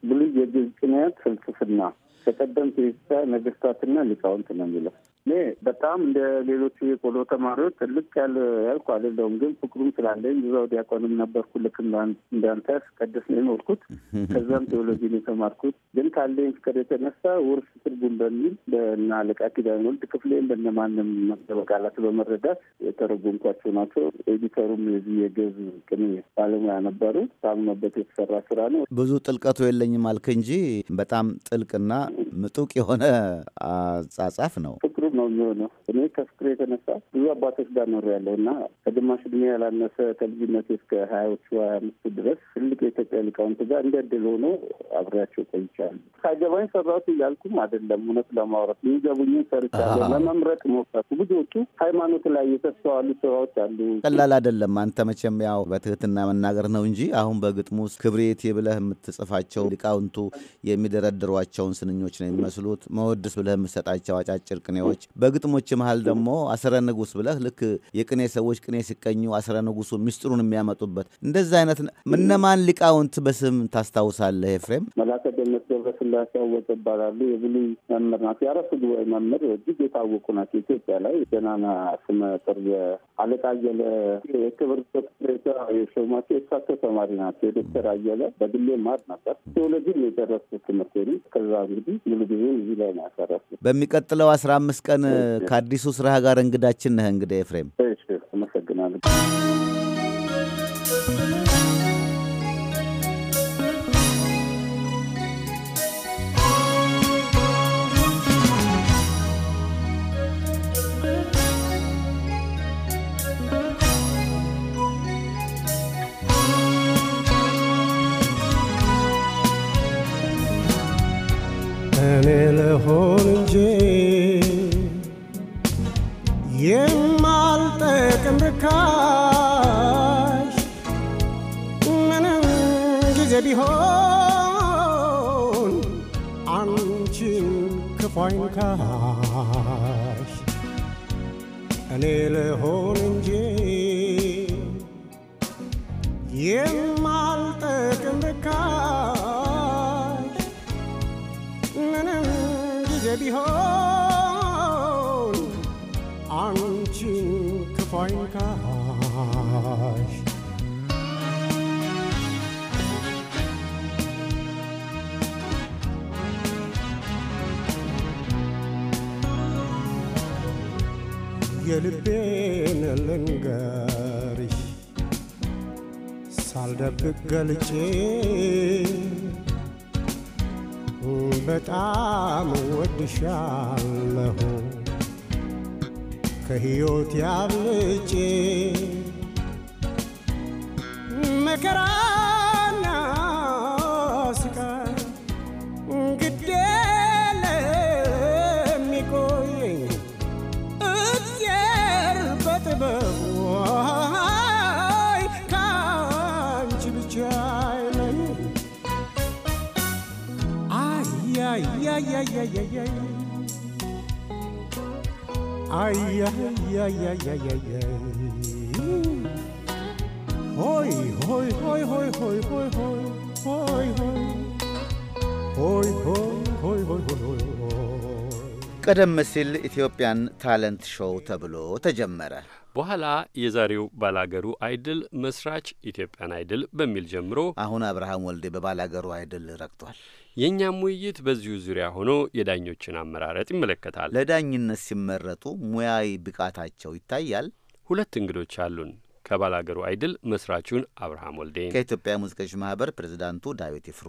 ብሉይ የግዕዝ ቅኔያት ፍልስፍና ከቀደምት የኢትዮጵያ ነገስታትና ሊቃውንት ነው የሚለው እኔ በጣም እንደ ሌሎቹ የቆሎ ተማሪዎች ትልቅ ያለ ያልኩ አይደለሁም፣ ግን ፍቅሩም ስላለኝ እዛው ዲያቆንም ነበርኩ። ልክ እንዳንተ ስቀደስ ነው የኖርኩት። (laughs) ከዛም ቴዎሎጂ ነው የተማርኩት። ግን ካለኝ ፍቅር የተነሳ ውርስ ትርጉም በሚል በእነ አለቃ ወልድ ክፍሌ በነማንም በቃላት በመረዳት የተረጎምኳቸው ናቸው። ኤዲተሩም የዚህ የገዝ ቅኔ ባለሙያ ነበሩ። ታምኖበት የተሰራ ስራ ነው። ብዙ ጥልቀቱ የለኝም አልክ እንጂ በጣም ጥልቅና ምጡቅ የሆነ አጻጻፍ ነው። ነው የሚሆነው። እኔ ከፍቅር የተነሳ ብዙ አባቶች ጋር ያለው እና ከግማሽ እድሜ ያላነሰ ከልጅነት እስከ ሀያዎቹ ሀያ አምስቱ ድረስ ትልቅ የኢትዮጵያ ሊቃውንት ጋር እንደ ሆኖ አብሬያቸው ቆይቻለሁ። ከአጀባኝ ሰራት እያልኩም አይደለም። እውነት ለማውራት የሚገቡኝ ሰርቻለሁ። ለመምረጥ ሞከርኩ። ብዙዎቹ ሃይማኖት ላይ የተስተዋሉ ስራዎች አሉ። ቀላል አይደለም። አንተ መቼም ያው በትህትና መናገር ነው እንጂ አሁን በግጥሙ ውስጥ ክብሬቴ ብለህ የምትጽፋቸው ሊቃውንቱ የሚደረድሯቸውን ስንኞች ነው የሚመስሉት። መወድስ ብለህ የምትሰጣቸው አጫጭር ቅኔዎች በግጥሞች መሀል ደግሞ አስረ ንጉስ ብለህ ልክ የቅኔ ሰዎች ቅኔ ሲቀኙ አስረ ንጉሱ ሚስጥሩን የሚያመጡበት እንደዚ አይነት እነማን ሊቃውንት በስም ታስታውሳለህ? ኤፍሬም መላከ ደመት ገብረስላሴ አወቀ ይባላሉ። የብሉይ መምህር ናቸው። የአራቱ ጉባኤ መምህር እጅግ የታወቁ ናቸው። ኢትዮጵያ ላይ ገናና ስመ ጥር አለቃ አየለ የክብር ዶክትሬት የሾማቸው የእሳቸው ተማሪ ናቸው። የዶክተር አየለ በግሌ ማር ነበር። ቴዎሎጂ የደረሱ ትምህርት ከዛ እንግዲህ ሙሉ ጊዜ እዚህ ላይ ነው ያሰረሱ። በሚቀጥለው አስራ አምስት ቀን ቀን ከአዲሱ ስራህ ጋር እንግዳችን ነህ። እንግዲህ ኤፍሬም አመሰግናለሁ። እኔ ለሆን እንጂ የማልጠቅም ርካሽ ምንም ጊዜ ቢሆን አንቺን ክፉ አይንካሽ እኔ ልሆን እንጂ የማልጠቅም ርካሽ ምንም ጊዜ ቢሆን የልቤን ልንገርሽ ሳልደብቅ ገልጬ በጣም ወድሻለሁ ከሕይወት ያብልጬ መከራ ay, ay, ay, ay, ay. Ay, ay, ay, ay, ay, ay, ay. Hoy, hoy, hoy, hoy, hoy, hoy, hoy, hoy, hoy. Hoy, hoy, hoy, hoy, hoy, hoy. ቀደም ሲል ኢትዮጵያን ታለንት ሾው ተብሎ ተጀመረ። በኋላ የዛሬው ባላገሩ አይድል መስራች ኢትዮጵያን አይድል በሚል ጀምሮ አሁን አብርሃም ወልዴ በባላገሩ አይድል ረግጧል። የእኛም ውይይት በዚሁ ዙሪያ ሆኖ የዳኞችን አመራረጥ ይመለከታል። ለዳኝነት ሲመረጡ ሙያዊ ብቃታቸው ይታያል። ሁለት እንግዶች አሉን። ከባላገሩ አይድል መስራቹን አብርሃም ወልዴን፣ ከኢትዮጵያ ሙዚቀኞች ማህበር ፕሬዚዳንቱ ዳዊት ይፍሩ።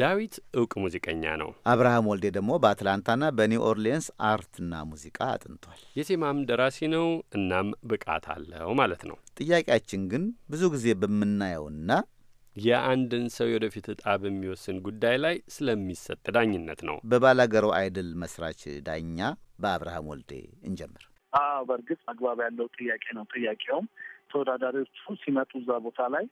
ዳዊት እውቅ ሙዚቀኛ ነው። አብርሃም ወልዴ ደግሞ በአትላንታና በኒው ኦርሊንስ አርትና ሙዚቃ አጥንቷል። የሴማም ደራሲ ነው። እናም ብቃት አለው ማለት ነው። ጥያቄያችን ግን ብዙ ጊዜ በምናየውና የአንድን ሰው የወደፊት እጣ በሚወስን ጉዳይ ላይ ስለሚሰጥ ዳኝነት ነው። በባላገሩ አይድል መስራች ዳኛ በአብርሃም ወልዴ እንጀምር። አዎ በእርግጥ አግባብ ያለው ጥያቄ ነው። ጥያቄውም ተወዳዳሪዎቹ ሲመጡ እዛ ቦታ ላይ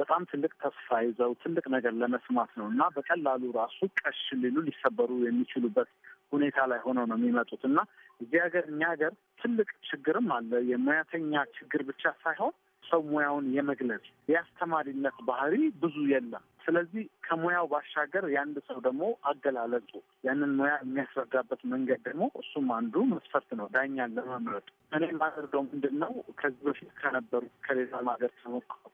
በጣም ትልቅ ተስፋ ይዘው ትልቅ ነገር ለመስማት ነው እና በቀላሉ ራሱ ቀሽ ሊሉ ሊሰበሩ የሚችሉበት ሁኔታ ላይ ሆነው ነው የሚመጡት እና እዚህ ሀገር እኛ ሀገር ትልቅ ችግርም አለ። የሙያተኛ ችግር ብቻ ሳይሆን ሰው ሙያውን የመግለጽ የአስተማሪነት ባህሪ ብዙ የለም። ስለዚህ ከሙያው ባሻገር የአንድ ሰው ደግሞ አገላለጡ ያንን ሙያ የሚያስረዳበት መንገድ ደግሞ እሱም አንዱ መስፈርት ነው ዳኛን ለመምረጥ። እኔ የማደርገው ምንድን ነው ከዚህ በፊት ከነበሩ ከሌላ ሀገር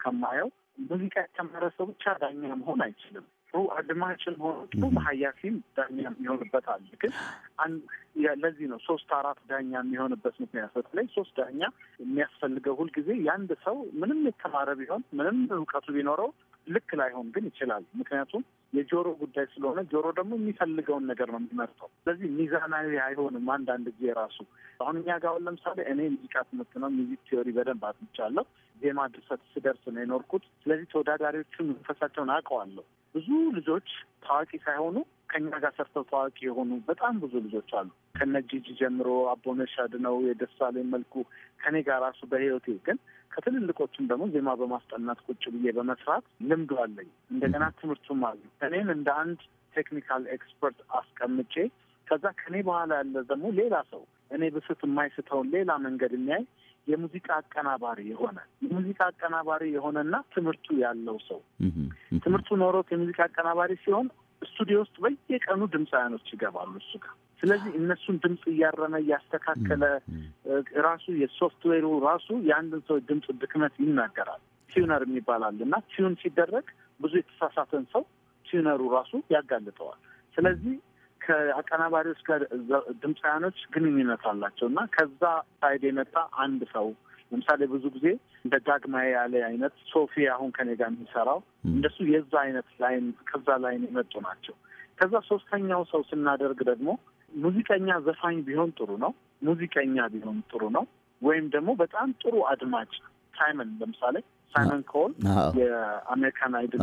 ከማየው ሙዚቃ የተማረ ሰው ብቻ ዳኛ መሆን አይችልም። ጥሩ አድማጭም ሆኖ ጥሩ ሀያሲም ዳኛ የሚሆንበት አለ። ግን ለዚህ ነው ሶስት አራት ዳኛ የሚሆንበት ምክንያት። በተለይ ሶስት ዳኛ የሚያስፈልገው ሁልጊዜ የአንድ ሰው ምንም የተማረ ቢሆን ምንም እውቀቱ ቢኖረው ልክ ላይሆን ግን ይችላል። ምክንያቱም የጆሮ ጉዳይ ስለሆነ ጆሮ ደግሞ የሚፈልገውን ነገር ነው የሚመርጠው። ስለዚህ ሚዛናዊ አይሆንም አንዳንድ ጊዜ ራሱ። አሁን እኛ ጋር አሁን ለምሳሌ እኔ ሙዚቃ ትምህርት ነው ሚዚክ ቲዮሪ በደንብ አጥንቻለሁ። ዜማ ድርሰት ስደርስ ነው የኖርኩት። ስለዚህ ተወዳዳሪዎቹን መንፈሳቸውን አውቀዋለሁ። ብዙ ልጆች ታዋቂ ሳይሆኑ ከኛ ጋር ሰርተው ታዋቂ የሆኑ በጣም ብዙ ልጆች አሉ። ከነ ጂጂ ጀምሮ አቦነሽ አድነው፣ የደሳለኝ መልኩ ከኔ ጋር ራሱ በህይወቴ ግን ከትልልቆቹም ደግሞ ዜማ በማስጠናት ቁጭ ብዬ በመስራት ልምዱ አለኝ። እንደገና ትምህርቱም አሉ። እኔን እንደ አንድ ቴክኒካል ኤክስፐርት አስቀምጬ ከዛ ከኔ በኋላ ያለ ደግሞ ሌላ ሰው እኔ ብስት የማይስተውን ሌላ መንገድ የሚያይ የሙዚቃ አቀናባሪ የሆነ የሙዚቃ አቀናባሪ የሆነና ትምህርቱ ያለው ሰው ትምህርቱ ኖሮት የሙዚቃ አቀናባሪ ሲሆን ስቱዲዮ ውስጥ በየቀኑ ድምፃውያኖች ይገባሉ እሱ ጋር። ስለዚህ እነሱን ድምፅ እያረመ እያስተካከለ ራሱ የሶፍትዌሩ ራሱ የአንድን ሰው ድምፅ ድክመት ይናገራል። ቲዩነር የሚባላል እና ቲዩን ሲደረግ ብዙ የተሳሳተን ሰው ቲዩነሩ ራሱ ያጋልጠዋል። ስለዚህ ከአቀናባሪዎች ጋር ድምፃውያኖች ግንኙነት አላቸው እና ከዛ ሳይድ የመጣ አንድ ሰው ለምሳሌ ብዙ ጊዜ እንደ ዳግማዊ ያለ አይነት ሶፊ አሁን ከኔ ጋር የሚሰራው እንደሱ የዛ አይነት ላይን ከዛ ላይን የመጡ ናቸው። ከዛ ሶስተኛው ሰው ስናደርግ ደግሞ ሙዚቀኛ ዘፋኝ ቢሆን ጥሩ ነው። ሙዚቀኛ ቢሆን ጥሩ ነው። ወይም ደግሞ በጣም ጥሩ አድማጭ ሳይመን፣ ለምሳሌ ሳይመን ኮል የአሜሪካን አይድል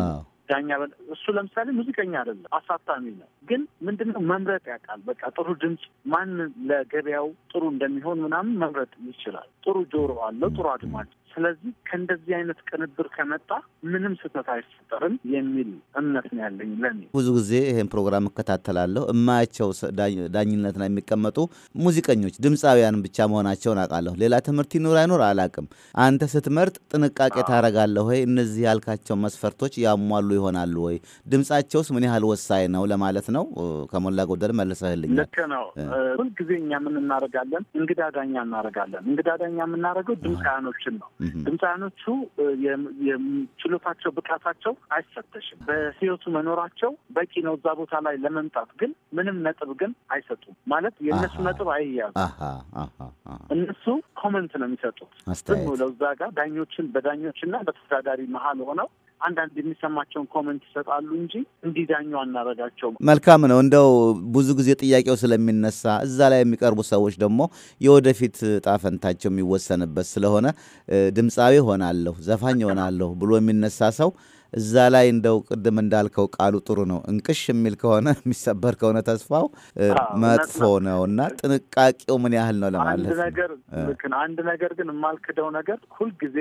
ዳኛ እሱ ለምሳሌ ሙዚቀኛ አይደለም፣ አሳታሚ ነው። ግን ምንድነው መምረጥ ያውቃል። በቃ ጥሩ ድምፅ ማን ለገበያው ጥሩ እንደሚሆን ምናምን መምረጥ ይችላል። ጥሩ ጆሮ አለው፣ ጥሩ አድማጭ ስለዚህ ከእንደዚህ አይነት ቅንብር ከመጣ ምንም ስህተት አይፈጠርም የሚል እምነት ነው ያለኝ። ለኔ ብዙ ጊዜ ይህን ፕሮግራም እከታተላለሁ። እማያቸው ዳኝነት ነው የሚቀመጡ ሙዚቀኞች ድምፃውያን ብቻ መሆናቸውን አውቃለሁ። ሌላ ትምህርት ይኑር አይኑር አላቅም። አንተ ስትመርጥ ጥንቃቄ ታደርጋለህ ወይ? እነዚህ ያልካቸው መስፈርቶች ያሟሉ ይሆናሉ ወይ? ድምፃቸውስ ምን ያህል ወሳኝ ነው ለማለት ነው። ከሞላ ጎደል መልሰህልኛል። ልክ ነው። ሁልጊዜ እኛ ምን እናደርጋለን? እንግዳ ዳኛ እናደርጋለን። እንግዳ ዳኛ የምናደርገው ድምፃውያኖችን ነው ድምፃያኖቹ ችሎታቸው፣ ብቃታቸው አይፈተሽም። በህይወቱ መኖራቸው በቂ ነው እዛ ቦታ ላይ ለመምጣት። ግን ምንም ነጥብ ግን አይሰጡም ማለት የእነሱ ነጥብ አይያዙ። እነሱ ኮመንት ነው የሚሰጡት ዝም ብለው እዛ ጋር ዳኞችን በዳኞችና በተዳዳሪ መሀል ሆነው አንዳንድ የሚሰማቸውን ኮመንት ይሰጣሉ እንጂ እንዲዳኙ አናረጋቸውም። መልካም ነው። እንደው ብዙ ጊዜ ጥያቄው ስለሚነሳ እዛ ላይ የሚቀርቡ ሰዎች ደግሞ የወደፊት ጣፈንታቸው የሚወሰንበት ስለሆነ ድምፃዊ ሆናለሁ፣ ዘፋኝ ሆናለሁ ብሎ የሚነሳ ሰው እዛ ላይ እንደው ቅድም እንዳልከው ቃሉ ጥሩ ነው። እንቅሽ የሚል ከሆነ (laughs) የሚሰበር ከሆነ ተስፋው መጥፎ ነው እና ጥንቃቄው ምን ያህል ነው ለማለት ነገር አንድ ነገር ግን የማልክደው ነገር ሁልጊዜ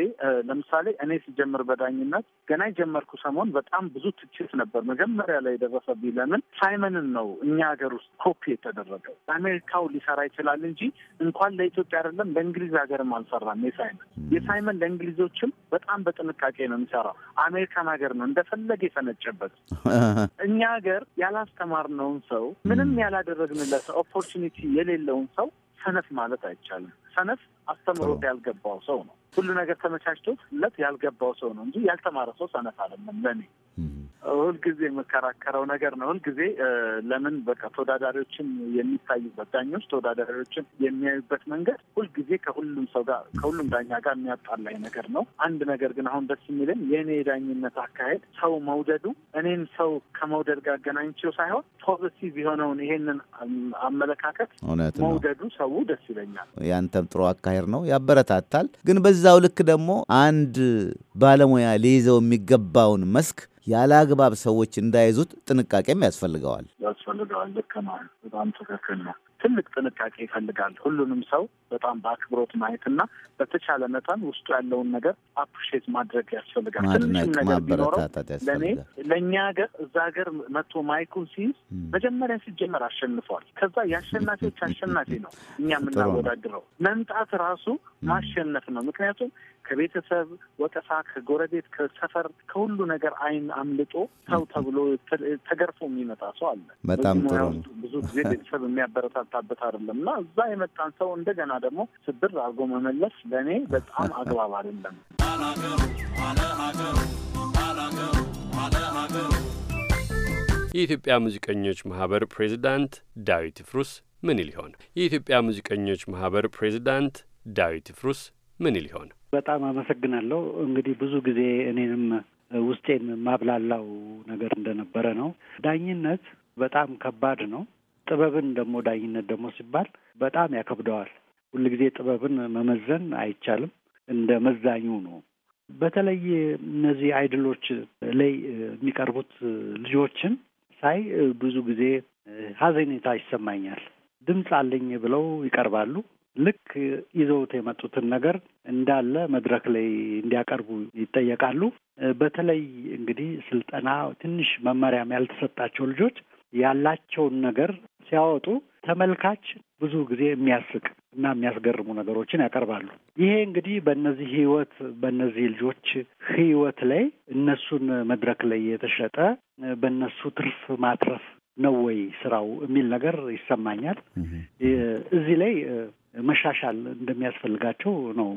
ለምሳሌ እኔ ሲጀምር በዳኝነት ገና የጀመርኩ ሰሞን በጣም ብዙ ትችት ነበር መጀመሪያ ላይ የደረሰብኝ። ለምን ሳይመንን ነው እኛ ሀገር ውስጥ ኮፒ የተደረገው አሜሪካው ሊሰራ ይችላል እንጂ እንኳን ለኢትዮጵያ አይደለም ለእንግሊዝ ሀገርም አልሰራም። የሳይመን የሳይመን ለእንግሊዞችም በጣም በጥንቃቄ ነው የሚሰራው አሜሪካን ሀገር ሀገር ነው እንደፈለገ የፈነጨበት። (laughs) እኛ ሀገር ያላስተማርነውን ሰው ምንም ያላደረግንለት ኦፖርቹኒቲ የሌለውን ሰው ሰነፍ ማለት አይቻልም። ሰነፍ አስተምሮት ያልገባው ሰው ነው። ሁሉ ነገር ተመቻችቶለት ያልገባው ሰው ነው እንጂ ያልተማረ ሰው ሰነፍ አይደለም። ለእኔ ሁልጊዜ የምከራከረው ነገር ነው። ሁልጊዜ ለምን በቃ ተወዳዳሪዎችን የሚታዩበት ዳኞች ተወዳዳሪዎችን የሚያዩበት መንገድ ሁልጊዜ ከሁሉም ሰው ጋር ከሁሉም ዳኛ ጋር የሚያጣላኝ ነገር ነው። አንድ ነገር ግን አሁን ደስ የሚለኝ የእኔ የዳኝነት አካሄድ ሰው መውደዱ እኔን ሰው ከመውደድ ጋር አገናኝቼው ሳይሆን ፖዘቲቭ የሆነውን ይሄንን አመለካከት መውደዱ ሰው ደስ ይለኛል። ያንተም ጥሩ አካሄድ ነው፣ ያበረታታል። ግን በዚ በዛው ልክ ደግሞ አንድ ባለሙያ ሊይዘው የሚገባውን መስክ ያለ አግባብ ሰዎች እንዳይዙት ጥንቃቄም ያስፈልገዋል ያስፈልገዋል። ልክ ነው። በጣም ትክክል ነው። ትልቅ ጥንቃቄ ይፈልጋል። ሁሉንም ሰው በጣም በአክብሮት ማየትና በተቻለ መጠን ውስጡ ያለውን ነገር አፕሪሼት ማድረግ ያስፈልጋል። ትንሽም ነገር ቢኖረው ለእኔ ለእኛ ሀገር እዛ ሀገር መጥቶ ማይኩን ሲይዝ መጀመሪያ ሲጀመር አሸንፏል። ከዛ የአሸናፊዎች አሸናፊ ነው እኛ የምናወዳድረው መምጣት ራሱ ማሸነፍ ነው። ምክንያቱም ከቤተሰብ ወቀሳ፣ ከጎረቤት፣ ከሰፈር፣ ከሁሉ ነገር አይን አምልጦ ሰው ተብሎ ተገርፎ የሚመጣ ሰው አለ። በጣም ጥሩ ብዙ ጊዜ ቤተሰብ የሚያበረታታበት አይደለም እና እዛ የመጣን ሰው እንደገና ደግሞ ስብር አድርጎ መመለስ ለእኔ በጣም አግባብ አይደለም። የኢትዮጵያ ሙዚቀኞች ማህበር ፕሬዚዳንት ዳዊት ፍሩስ ምን ይል የኢትዮጵያ ሙዚቀኞች ማህበር ፕሬዚዳንት ዳዊት ፍሩስ ምን ሊሆን በጣም አመሰግናለሁ። እንግዲህ ብዙ ጊዜ እኔንም ውስጤን ማብላላው ነገር እንደነበረ ነው። ዳኝነት በጣም ከባድ ነው። ጥበብን ደግሞ ዳኝነት ደግሞ ሲባል በጣም ያከብደዋል። ሁልጊዜ ጥበብን መመዘን አይቻልም። እንደ መዛኙ ነው። በተለይ እነዚህ አይድሎች ላይ የሚቀርቡት ልጆችን ሳይ ብዙ ጊዜ ሀዘኔታ ይሰማኛል። ድምፅ አለኝ ብለው ይቀርባሉ። ልክ ይዘውት የመጡትን ነገር እንዳለ መድረክ ላይ እንዲያቀርቡ ይጠየቃሉ። በተለይ እንግዲህ ስልጠና ትንሽ መመሪያም ያልተሰጣቸው ልጆች ያላቸውን ነገር ሲያወጡ ተመልካች ብዙ ጊዜ የሚያስቅ እና የሚያስገርሙ ነገሮችን ያቀርባሉ። ይሄ እንግዲህ በእነዚህ ህይወት በእነዚህ ልጆች ህይወት ላይ እነሱን መድረክ ላይ የተሸጠ በእነሱ ትርፍ ማትረፍ ነው ወይ ስራው የሚል ነገር ይሰማኛል። እዚህ ላይ መሻሻል እንደሚያስፈልጋቸው ነው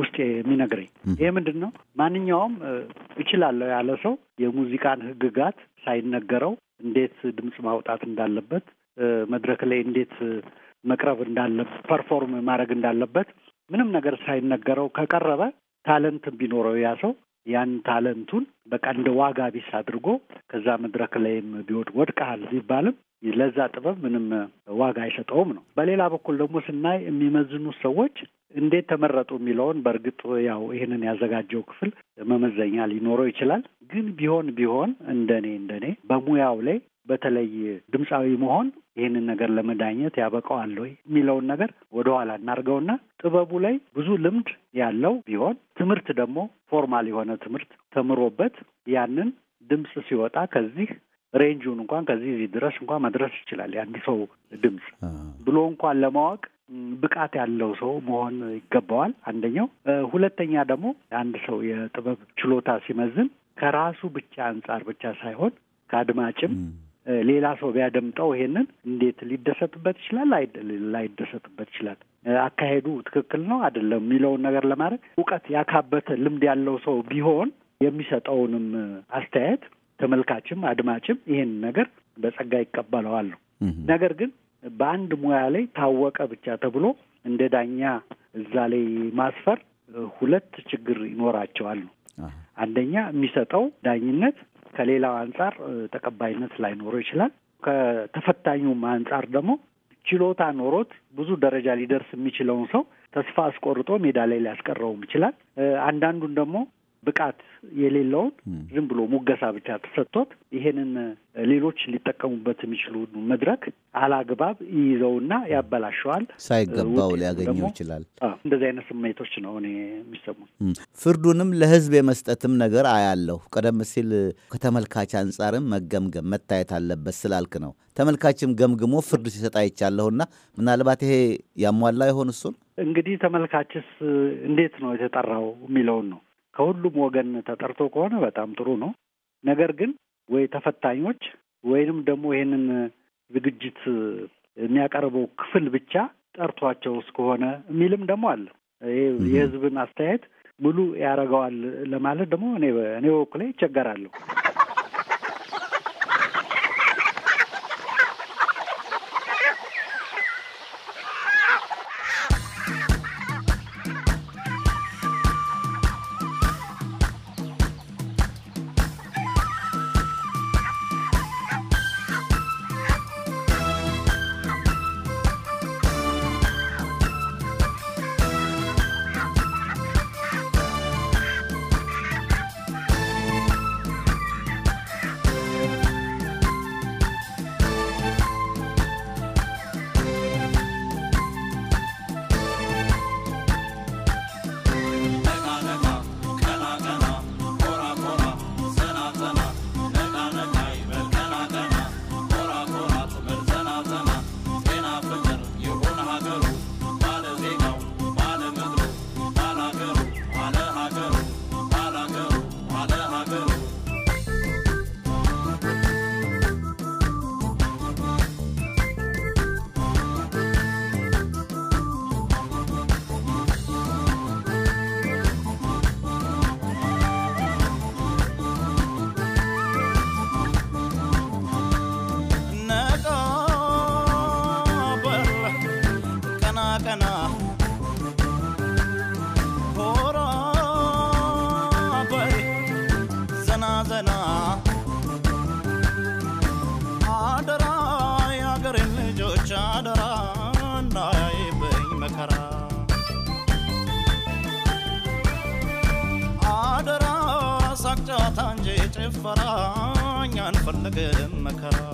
ውስጤ የሚነግረኝ። ይህ ምንድን ነው? ማንኛውም እችላለሁ ያለ ሰው የሙዚቃን ሕግጋት ሳይነገረው እንዴት ድምፅ ማውጣት እንዳለበት፣ መድረክ ላይ እንዴት መቅረብ እንዳለበት፣ ፐርፎርም ማድረግ እንዳለበት ምንም ነገር ሳይነገረው ከቀረበ ታለንት ቢኖረው ያ ሰው ያን ታለንቱን በቃ እንደ ዋጋ ቢስ አድርጎ ከዛ መድረክ ላይም ቢወድ ወድቀሃል ቢባልም ለዛ ጥበብ ምንም ዋጋ አይሰጠውም ነው። በሌላ በኩል ደግሞ ስናይ የሚመዝኑት ሰዎች እንዴት ተመረጡ የሚለውን በእርግጥ ያው ይህንን ያዘጋጀው ክፍል መመዘኛ ሊኖረው ይችላል። ግን ቢሆን ቢሆን እንደኔ እንደኔ በሙያው ላይ በተለይ ድምፃዊ መሆን ይህንን ነገር ለመዳኘት ያበቀዋል ወይ የሚለውን ነገር ወደኋላ እናርገውና ጥበቡ ላይ ብዙ ልምድ ያለው ቢሆን ትምህርት ደግሞ ፎርማል የሆነ ትምህርት ተምሮበት ያንን ድምፅ ሲወጣ ከዚህ ሬንጁን እንኳን ከዚህ እዚህ ድረስ እንኳን መድረስ ይችላል የአንድ ሰው ድምፅ ብሎ እንኳን ለማወቅ ብቃት ያለው ሰው መሆን ይገባዋል። አንደኛው። ሁለተኛ ደግሞ አንድ ሰው የጥበብ ችሎታ ሲመዝን ከራሱ ብቻ አንጻር ብቻ ሳይሆን ከአድማጭም ሌላ ሰው ቢያደምጠው ይሄንን እንዴት ሊደሰትበት ይችላል? ላይደሰትበት ይችላል። አካሄዱ ትክክል ነው አይደለም የሚለውን ነገር ለማድረግ እውቀት ያካበተ ልምድ ያለው ሰው ቢሆን የሚሰጠውንም አስተያየት ተመልካችም አድማጭም ይሄን ነገር በጸጋ ይቀበለዋል ነገር ግን በአንድ ሙያ ላይ ታወቀ ብቻ ተብሎ እንደ ዳኛ እዛ ላይ ማስፈር ሁለት ችግር ይኖራቸዋል አንደኛ የሚሰጠው ዳኝነት ከሌላው አንጻር ተቀባይነት ላይኖረው ይችላል። ከተፈታኙም አንጻር ደግሞ ችሎታ ኖሮት ብዙ ደረጃ ሊደርስ የሚችለውን ሰው ተስፋ አስቆርጦ ሜዳ ላይ ሊያስቀረውም ይችላል። አንዳንዱን ደግሞ ብቃት የሌለውን ዝም ብሎ ሙገሳ ብቻ ተሰጥቶት ይሄንን ሌሎች ሊጠቀሙበት የሚችሉ መድረክ አላግባብ ይይዘውና ያበላሸዋል። ሳይገባው ሊያገኘው ይችላል። እንደዚህ አይነት ስሜቶች ነው እኔ የሚሰሙ። ፍርዱንም ለህዝብ የመስጠትም ነገር አያለሁ። ቀደም ሲል ከተመልካች አንጻርም መገምገም መታየት አለበት ስላልክ ነው። ተመልካችም ገምግሞ ፍርድ ሲሰጥ አይቻለሁና ምናልባት ይሄ ያሟላ ይሆን እሱን እንግዲህ ተመልካችስ እንዴት ነው የተጠራው የሚለውን ነው ከሁሉም ወገን ተጠርቶ ከሆነ በጣም ጥሩ ነው። ነገር ግን ወይ ተፈታኞች ወይንም ደግሞ ይህንን ዝግጅት የሚያቀርበው ክፍል ብቻ ጠርቷቸው እስከሆነ የሚልም ደግሞ አለ። የህዝብን አስተያየት ሙሉ ያደርገዋል ለማለት ደግሞ እኔ በእኔ በኩሌ ይቸገራለሁ። እኛ አንፈለገም መከራ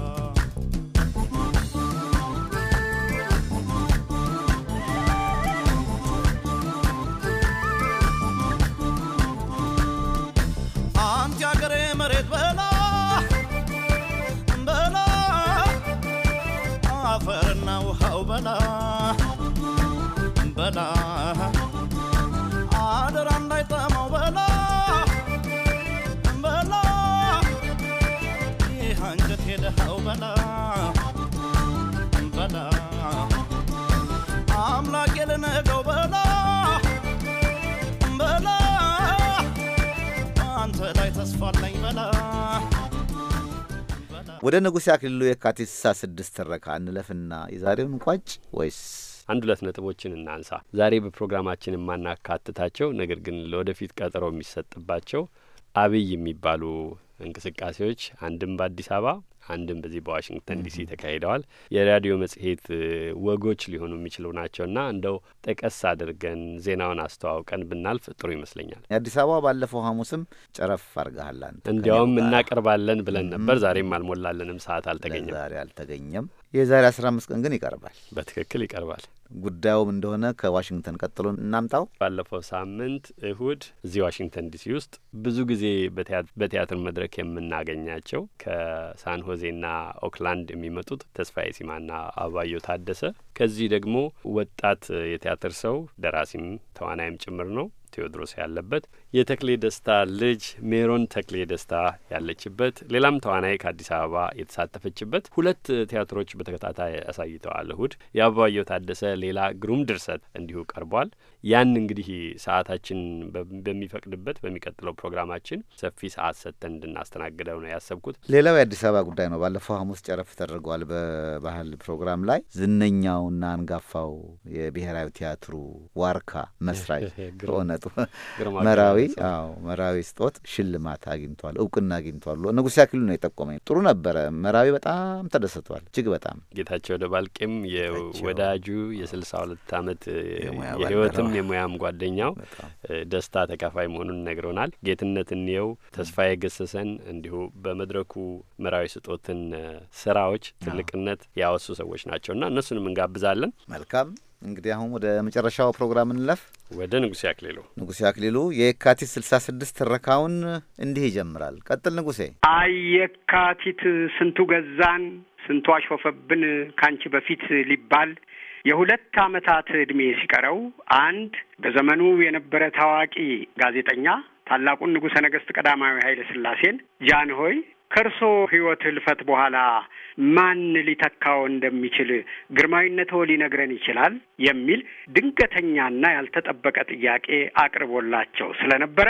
ወደ ንጉሴ አክሊሉ የካቲት ስልሳ ስድስት ትረካ እንለፍና የዛሬውን ቋጭ ወይስ አንድ ሁለት ነጥቦችን እናንሳ። ዛሬ በፕሮግራማችን የማናካትታቸው ነገር ግን ለወደፊት ቀጠሮ የሚሰጥባቸው አብይ የሚባሉ እንቅስቃሴዎች አንድም በአዲስ አበባ አንድም በዚህ በዋሽንግተን ዲሲ ተካሂደዋል። የራዲዮ መጽሔት ወጎች ሊሆኑ የሚችሉ ናቸውና እንደው ጠቀስ አድርገን ዜናውን አስተዋውቀን ብናልፍ ጥሩ ይመስለኛል። የአዲስ አበባ ባለፈው ሐሙስም ጨረፍ አርገሃላን እንዲያውም እናቀርባለን ብለን ነበር። ዛሬም አልሞላለንም፣ ሰዓት አልተገኘም። ዛሬ አልተገኘም። የዛሬ አስራ አምስት ቀን ግን ይቀርባል። በትክክል ይቀርባል። ጉዳዩም እንደሆነ ከዋሽንግተን ቀጥሎ እናምጣው። ባለፈው ሳምንት እሁድ እዚህ ዋሽንግተን ዲሲ ውስጥ ብዙ ጊዜ በቲያትር መድረክ የምናገኛቸው ከሳን ሆዜና ኦክላንድ የሚመጡት ተስፋዬ ሲማና አባየሁ ታደሰ ከዚህ ደግሞ ወጣት የቲያትር ሰው ደራሲም ተዋናይም ጭምር ነው ቴዎድሮስ ያለበት የተክሌ ደስታ ልጅ ሜሮን ተክሌ ደስታ ያለችበት ሌላም ተዋናይ ከአዲስ አበባ የተሳተፈችበት ሁለት ቲያትሮች በተከታታይ አሳይተዋል። እሁድ የአበባየው ታደሰ ሌላ ግሩም ድርሰት እንዲሁ ቀርቧል። ያን እንግዲህ ሰዓታችን በሚፈቅድበት በሚቀጥለው ፕሮግራማችን ሰፊ ሰዓት ሰጥተን እንድናስተናግደው ነው ያሰብኩት። ሌላው የአዲስ አበባ ጉዳይ ነው። ባለፈው ሐሙስ ጨረፍ ተደርገዋል። በባህል ፕሮግራም ላይ ዝነኛውና አንጋፋው የብሔራዊ ቲያትሩ ዋርካ መስራች በእውነቱ (laughs) (laughs) መራዊ አዎ መራዊ ስጦት ሽልማት አግኝቷል፣ እውቅና አግኝቷል። ንጉሴ ያክሉ ነው የጠቆመኝ። ጥሩ ነበረ። መራዊ በጣም ተደሰቷል። እጅግ በጣም ጌታቸው ደባልቄም የወዳጁ የስልሳ ሁለት ዓመት የህይወትም እንዲሁም የሙያም ጓደኛው ደስታ ተካፋይ መሆኑን ነግሮናል። ጌትነት እንየው ተስፋዬ ገሰሰን እንዲሁ በመድረኩ ምራዊ ስጦትን ስራዎች ትልቅነት ያወሱ ሰዎች ናቸው እና እነሱንም እንጋብዛለን። መልካም እንግዲህ አሁን ወደ መጨረሻው ፕሮግራም እንለፍ። ወደ ንጉሴ አክሊሉ ንጉሴ አክሊሉ የካቲት ስልሳ ስድስት ትረካውን እንዲህ ይጀምራል። ቀጥል ንጉሴ። አይ የካቲት ስንቱ ገዛን ስንቱ አሾፈብን ካንቺ በፊት ሊባል የሁለት ዓመታት ዕድሜ ሲቀረው አንድ በዘመኑ የነበረ ታዋቂ ጋዜጠኛ ታላቁን ንጉሠ ነገሥት ቀዳማዊ ኃይለ ሥላሴን ጃንሆይ ከእርሶ ሕይወት ህልፈት በኋላ ማን ሊተካው እንደሚችል ግርማዊነቶ ሊነግረን ይችላል የሚል ድንገተኛና ያልተጠበቀ ጥያቄ አቅርቦላቸው ስለነበረ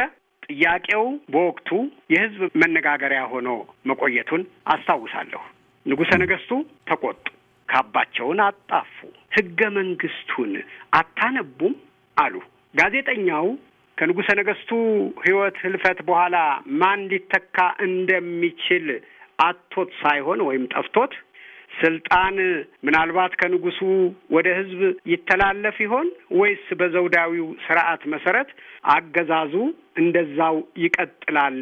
ጥያቄው በወቅቱ የሕዝብ መነጋገሪያ ሆኖ መቆየቱን አስታውሳለሁ። ንጉሠ ነገሥቱ ተቆጡ። ካባቸውን አጣፉ። ህገ መንግስቱን አታነቡም አሉ። ጋዜጠኛው ከንጉሠ ነገሥቱ ህይወት ህልፈት በኋላ ማን ሊተካ እንደሚችል አቶት ሳይሆን ወይም ጠፍቶት ስልጣን ምናልባት ከንጉሱ ወደ ህዝብ ይተላለፍ ይሆን ወይስ በዘውዳዊው ስርዓት መሰረት አገዛዙ እንደዛው ይቀጥላል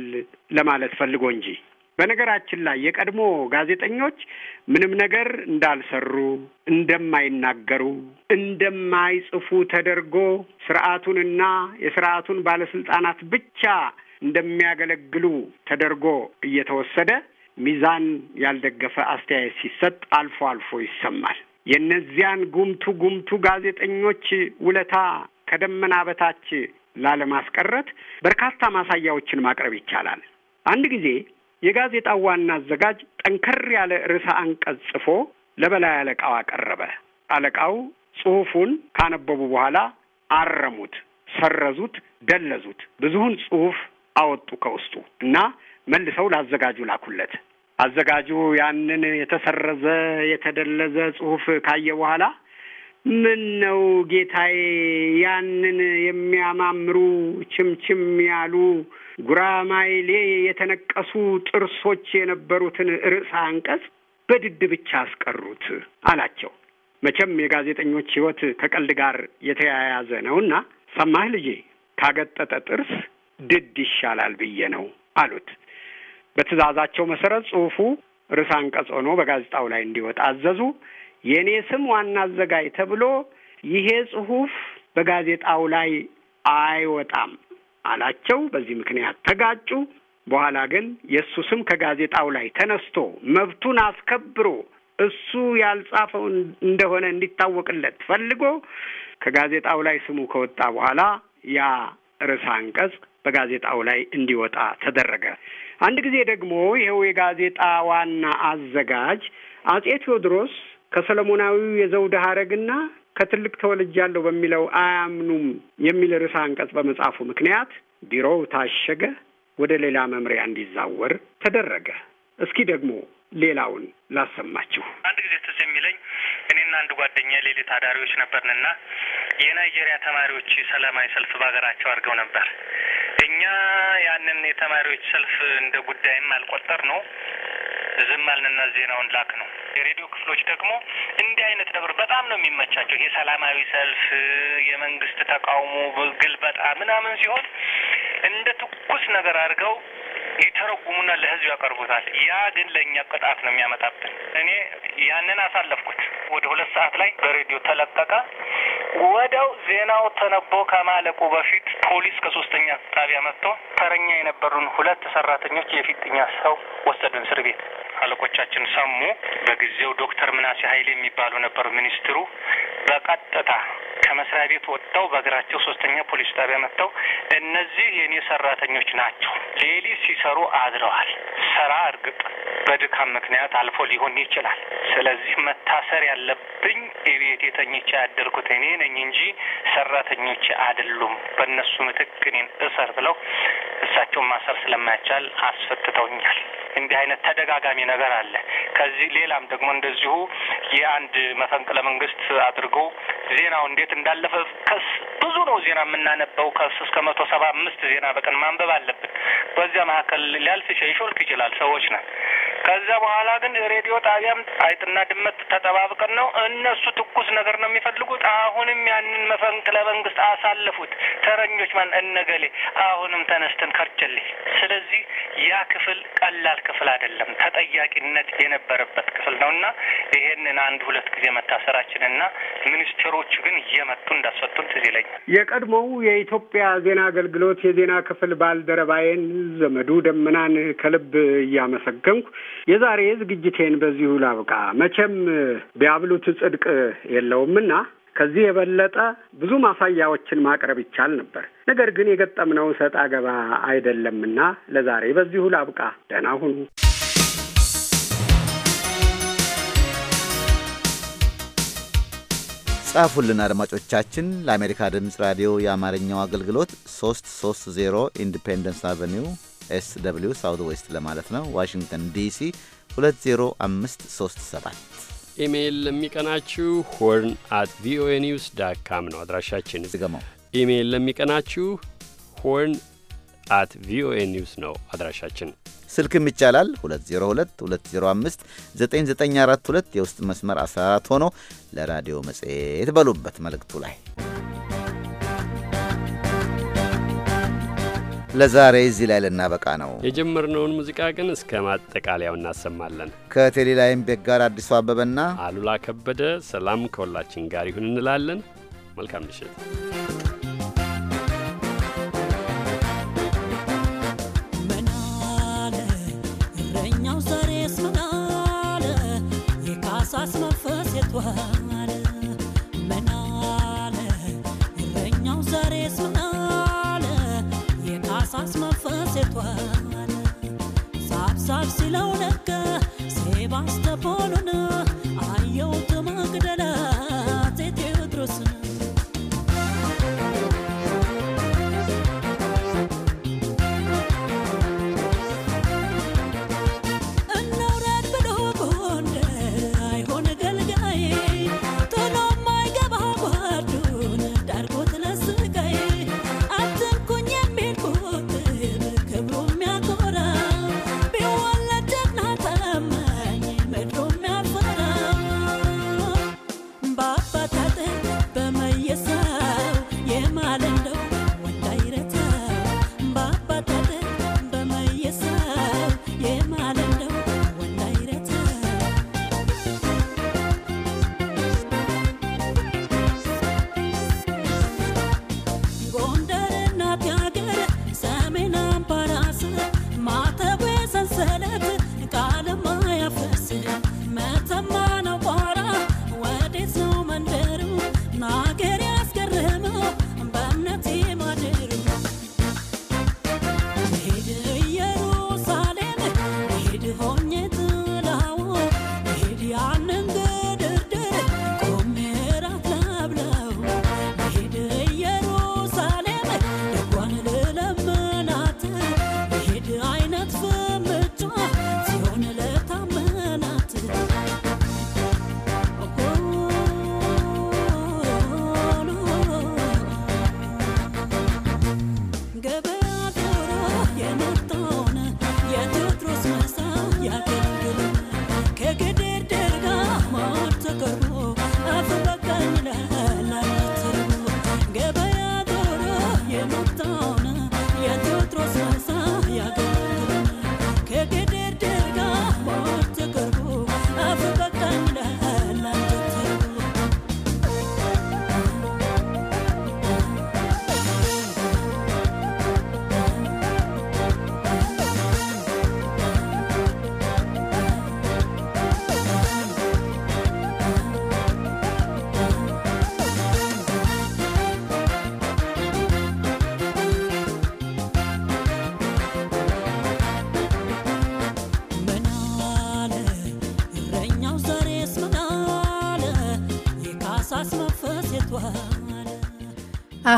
ለማለት ፈልጎ እንጂ በነገራችን ላይ የቀድሞ ጋዜጠኞች ምንም ነገር እንዳልሰሩ፣ እንደማይናገሩ፣ እንደማይጽፉ ተደርጎ ስርዓቱንና የስርዓቱን ባለስልጣናት ብቻ እንደሚያገለግሉ ተደርጎ እየተወሰደ ሚዛን ያልደገፈ አስተያየት ሲሰጥ አልፎ አልፎ ይሰማል። የእነዚያን ጉምቱ ጉምቱ ጋዜጠኞች ውለታ ከደመና በታች ላለማስቀረት በርካታ ማሳያዎችን ማቅረብ ይቻላል። አንድ ጊዜ የጋዜጣው ዋና አዘጋጅ ጠንከር ያለ ርዕሰ አንቀጽ ጽፎ ለበላይ አለቃው አቀረበ። አለቃው ጽሑፉን ካነበቡ በኋላ አረሙት፣ ሰረዙት፣ ደለዙት። ብዙውን ጽሑፍ አወጡ ከውስጡ እና መልሰው ለአዘጋጁ ላኩለት። አዘጋጁ ያንን የተሰረዘ የተደለዘ ጽሑፍ ካየ በኋላ ምን ነው ጌታዬ፣ ያንን የሚያማምሩ ችምችም ያሉ ጉራማይሌ የተነቀሱ ጥርሶች የነበሩትን ርዕሰ አንቀጽ በድድ ብቻ አስቀሩት አላቸው። መቼም የጋዜጠኞች ሕይወት ከቀልድ ጋር የተያያዘ ነውና ሰማህ ልጄ፣ ካገጠጠ ጥርስ ድድ ይሻላል ብዬ ነው አሉት። በትዕዛዛቸው መሰረት ጽሑፉ ርዕሰ አንቀጽ ሆኖ በጋዜጣው ላይ እንዲወጣ አዘዙ። የእኔ ስም ዋና አዘጋጅ ተብሎ ይሄ ጽሁፍ በጋዜጣው ላይ አይወጣም አላቸው። በዚህ ምክንያት ተጋጩ። በኋላ ግን የእሱ ስም ከጋዜጣው ላይ ተነስቶ መብቱን አስከብሮ እሱ ያልጻፈው እንደሆነ እንዲታወቅለት ፈልጎ ከጋዜጣው ላይ ስሙ ከወጣ በኋላ ያ ርዕሰ አንቀጽ በጋዜጣው ላይ እንዲወጣ ተደረገ። አንድ ጊዜ ደግሞ ይኸው የጋዜጣ ዋና አዘጋጅ አጼ ቴዎድሮስ ከሰለሞናዊው የዘውድ ሀረግና ከትልቅ ተወልጃለሁ በሚለው አያምኑም የሚል ርዕሰ አንቀጽ በመጻፉ ምክንያት ቢሮው ታሸገ፣ ወደ ሌላ መምሪያ እንዲዛወር ተደረገ። እስኪ ደግሞ ሌላውን ላሰማችሁ። አንድ ጊዜ ትዝ የሚለኝ እኔና አንድ ጓደኛ ሌሊት አዳሪዎች ነበርንና የናይጄሪያ ተማሪዎች ሰላማዊ ሰልፍ በሀገራቸው አድርገው ነበር። እኛ ያንን የተማሪዎች ሰልፍ እንደ ጉዳይም አልቆጠር ነው ዝም አልንና ዜናውን ላክ ነው። የሬዲዮ ክፍሎች ደግሞ እንዲህ አይነት ነገር በጣም ነው የሚመቻቸው። ይሄ ሰላማዊ ሰልፍ፣ የመንግስት ተቃውሞ፣ ግልበጣ ምናምን ሲሆን እንደ ትኩስ ነገር አድርገው ይተረጉሙና ለህዝብ ያቀርቡታል። ያ ግን ለእኛ ቅጣት ነው የሚያመጣብን። እኔ ያንን አሳለፍኩት። ወደ ሁለት ሰዓት ላይ በሬዲዮ ተለቀቀ። ወዲያው ዜናው ተነቦ ከማለቁ በፊት ፖሊስ ከሶስተኛ ጣቢያ መጥቶ ተረኛ የነበሩን ሁለት ሰራተኞች የፊጥኛ ሰው ወሰዱን እስር ቤት። አለቆቻችን ሰሙ። በጊዜው ዶክተር ምናሴ ኃይሌ የሚባሉ ነበር ሚኒስትሩ። በቀጥታ ከመስሪያ ቤት ወጥተው በእግራቸው ሶስተኛ ፖሊስ ጣቢያ መጥተው እነዚህ የእኔ ሰራተኞች ናቸው፣ ሌሊት ሲሰሩ አድረዋል። ስራ እርግጥ በድካም ምክንያት አልፎ ሊሆን ይችላል። ስለዚህ መታሰር ያለብኝ የቤት የተኝቻ ያደርኩት እኔ ነኝ እንጂ ሰራተኞች አይደሉም፣ በእነሱ ምትክ እኔን እሰር ብለው እሳቸውን ማሰር ስለማይቻል አስፈትተውኛል። እንዲህ አይነት ተደጋጋሚ ነገር አለ። ከዚህ ሌላም ደግሞ እንደዚሁ የአንድ መፈንቅለ መንግስት አድርገው ዜናው እንዴት እንዳለፈ ከስ ብዙ ነው ዜና የምናነበው ከስ እስከ መቶ ሰባ አምስት ዜና በቀን ማንበብ አለብን። በዚያ መካከል ሊያልፍ ሊሾልክ ይችላል። ሰዎች ነን። ከዛ በኋላ ግን ሬዲዮ ጣቢያም አይጥና ድመት ተጠባብቀን ነው። እነሱ ትኩስ ነገር ነው የሚፈልጉት። አሁንም ያንን መፈንቅለ መንግስት አሳለፉት። ተረኞች ማን እነገሌ አሁንም ተነስተን ናቸልኝ። ስለዚህ ያ ክፍል ቀላል ክፍል አይደለም፣ ተጠያቂነት የነበረበት ክፍል ነው እና ይሄንን አንድ ሁለት ጊዜ መታሰራችንና ሚኒስትሮቹ ግን እየመጡ እንዳስፈቱን ትዝ ይለኛል። የቀድሞው የኢትዮጵያ ዜና አገልግሎት የዜና ክፍል ባልደረባዬን ዘመዱ ደመናን ከልብ እያመሰገንኩ የዛሬ ዝግጅቴን በዚሁ ላብቃ። መቼም ቢያብሉት ጽድቅ የለውምና ከዚህ የበለጠ ብዙ ማሳያዎችን ማቅረብ ይቻል ነበር። ነገር ግን የገጠምነው ሰጥ አገባ አይደለምና ለዛሬ በዚሁ ላብቃ። ደህና ሁኑ። ጻፉልን አድማጮቻችን። ለአሜሪካ ድምፅ ራዲዮ የአማርኛው አገልግሎት 330 ኢንዲፔንደንስ አቨኒው ኤስ ደብልዩ ሳውት ዌስት ለማለት ነው፣ ዋሽንግተን ዲሲ 20537 ኢሜይል ለሚቀናችሁ ሆርን አት ቪኦኤ ኒውስ ዳት ካም ነው አድራሻችን። ዝገማው ኢሜይል ለሚቀናችሁ ሆርን አት ቪኦኤ ኒውስ ነው አድራሻችን። ስልክም ይቻላል 2022059942 የውስጥ መስመር 14 ሆኖ ለራዲዮ መጽሔት በሉበት መልእክቱ ላይ ለዛሬ እዚህ ላይ ልናበቃ ነው። የጀመርነውን ሙዚቃ ግን እስከ ማጠቃለያው እናሰማለን። ከቴሌላይም ቤት ጋር አዲሱ አበበና አሉላ ከበደ ሰላም ከሁላችን ጋር ይሁን እንላለን። መልካም ምሽት። Wow.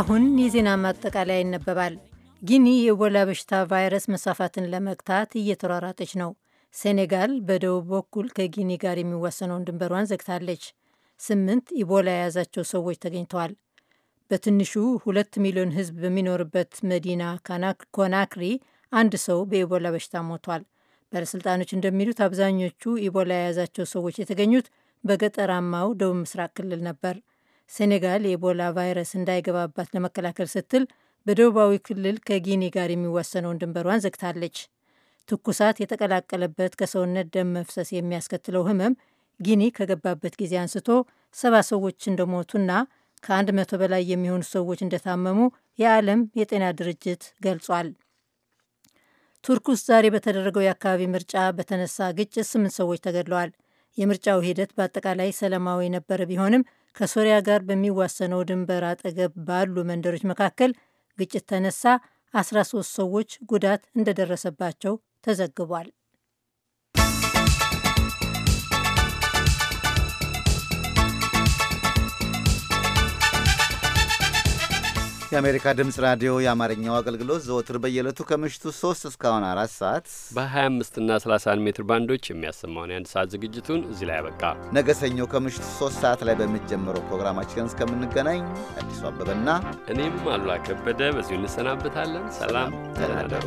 አሁን የዜና ማጠቃለያ ይነበባል። ጊኒ የኢቦላ በሽታ ቫይረስ መስፋፋትን ለመግታት እየተሯራጠች ነው። ሴኔጋል በደቡብ በኩል ከጊኒ ጋር የሚዋሰነውን ድንበሯን ዘግታለች። ስምንት ኢቦላ የያዛቸው ሰዎች ተገኝተዋል። በትንሹ ሁለት ሚሊዮን ሕዝብ በሚኖርበት መዲና ኮናክሪ አንድ ሰው በኢቦላ በሽታ ሞቷል። ባለሥልጣኖች እንደሚሉት አብዛኞቹ ኢቦላ የያዛቸው ሰዎች የተገኙት በገጠራማው ደቡብ ምስራቅ ክልል ነበር። ሴኔጋል የኢቦላ ቫይረስ እንዳይገባባት ለመከላከል ስትል በደቡባዊ ክልል ከጊኒ ጋር የሚዋሰነውን ድንበሯን ዘግታለች። ትኩሳት የተቀላቀለበት ከሰውነት ደም መፍሰስ የሚያስከትለው ህመም ጊኒ ከገባበት ጊዜ አንስቶ ሰባ ሰዎች እንደሞቱና ከአንድ መቶ በላይ የሚሆኑ ሰዎች እንደታመሙ የዓለም የጤና ድርጅት ገልጿል። ቱርክ ውስጥ ዛሬ በተደረገው የአካባቢ ምርጫ በተነሳ ግጭት ስምንት ሰዎች ተገድለዋል። የምርጫው ሂደት በአጠቃላይ ሰላማዊ የነበረ ቢሆንም ከሶሪያ ጋር በሚዋሰነው ድንበር አጠገብ ባሉ መንደሮች መካከል ግጭት ተነሳ። 13 ሰዎች ጉዳት እንደደረሰባቸው ተዘግቧል። የአሜሪካ ድምፅ ራዲዮ የአማርኛው አገልግሎት ዘወትር በየዕለቱ ከምሽቱ 3 እስካሁን አራት ሰዓት በ25 እና 31 ሜትር ባንዶች የሚያሰማውን የአንድ ሰዓት ዝግጅቱን እዚህ ላይ ያበቃ። ነገ ሰኞ ከምሽቱ 3 ሰዓት ላይ በሚጀምረው ፕሮግራማችን እስከምንገናኝ አዲሱ አበበና እኔም አሉላ ከበደ በዚሁ እንሰናበታለን። ሰላም ተናደሩ።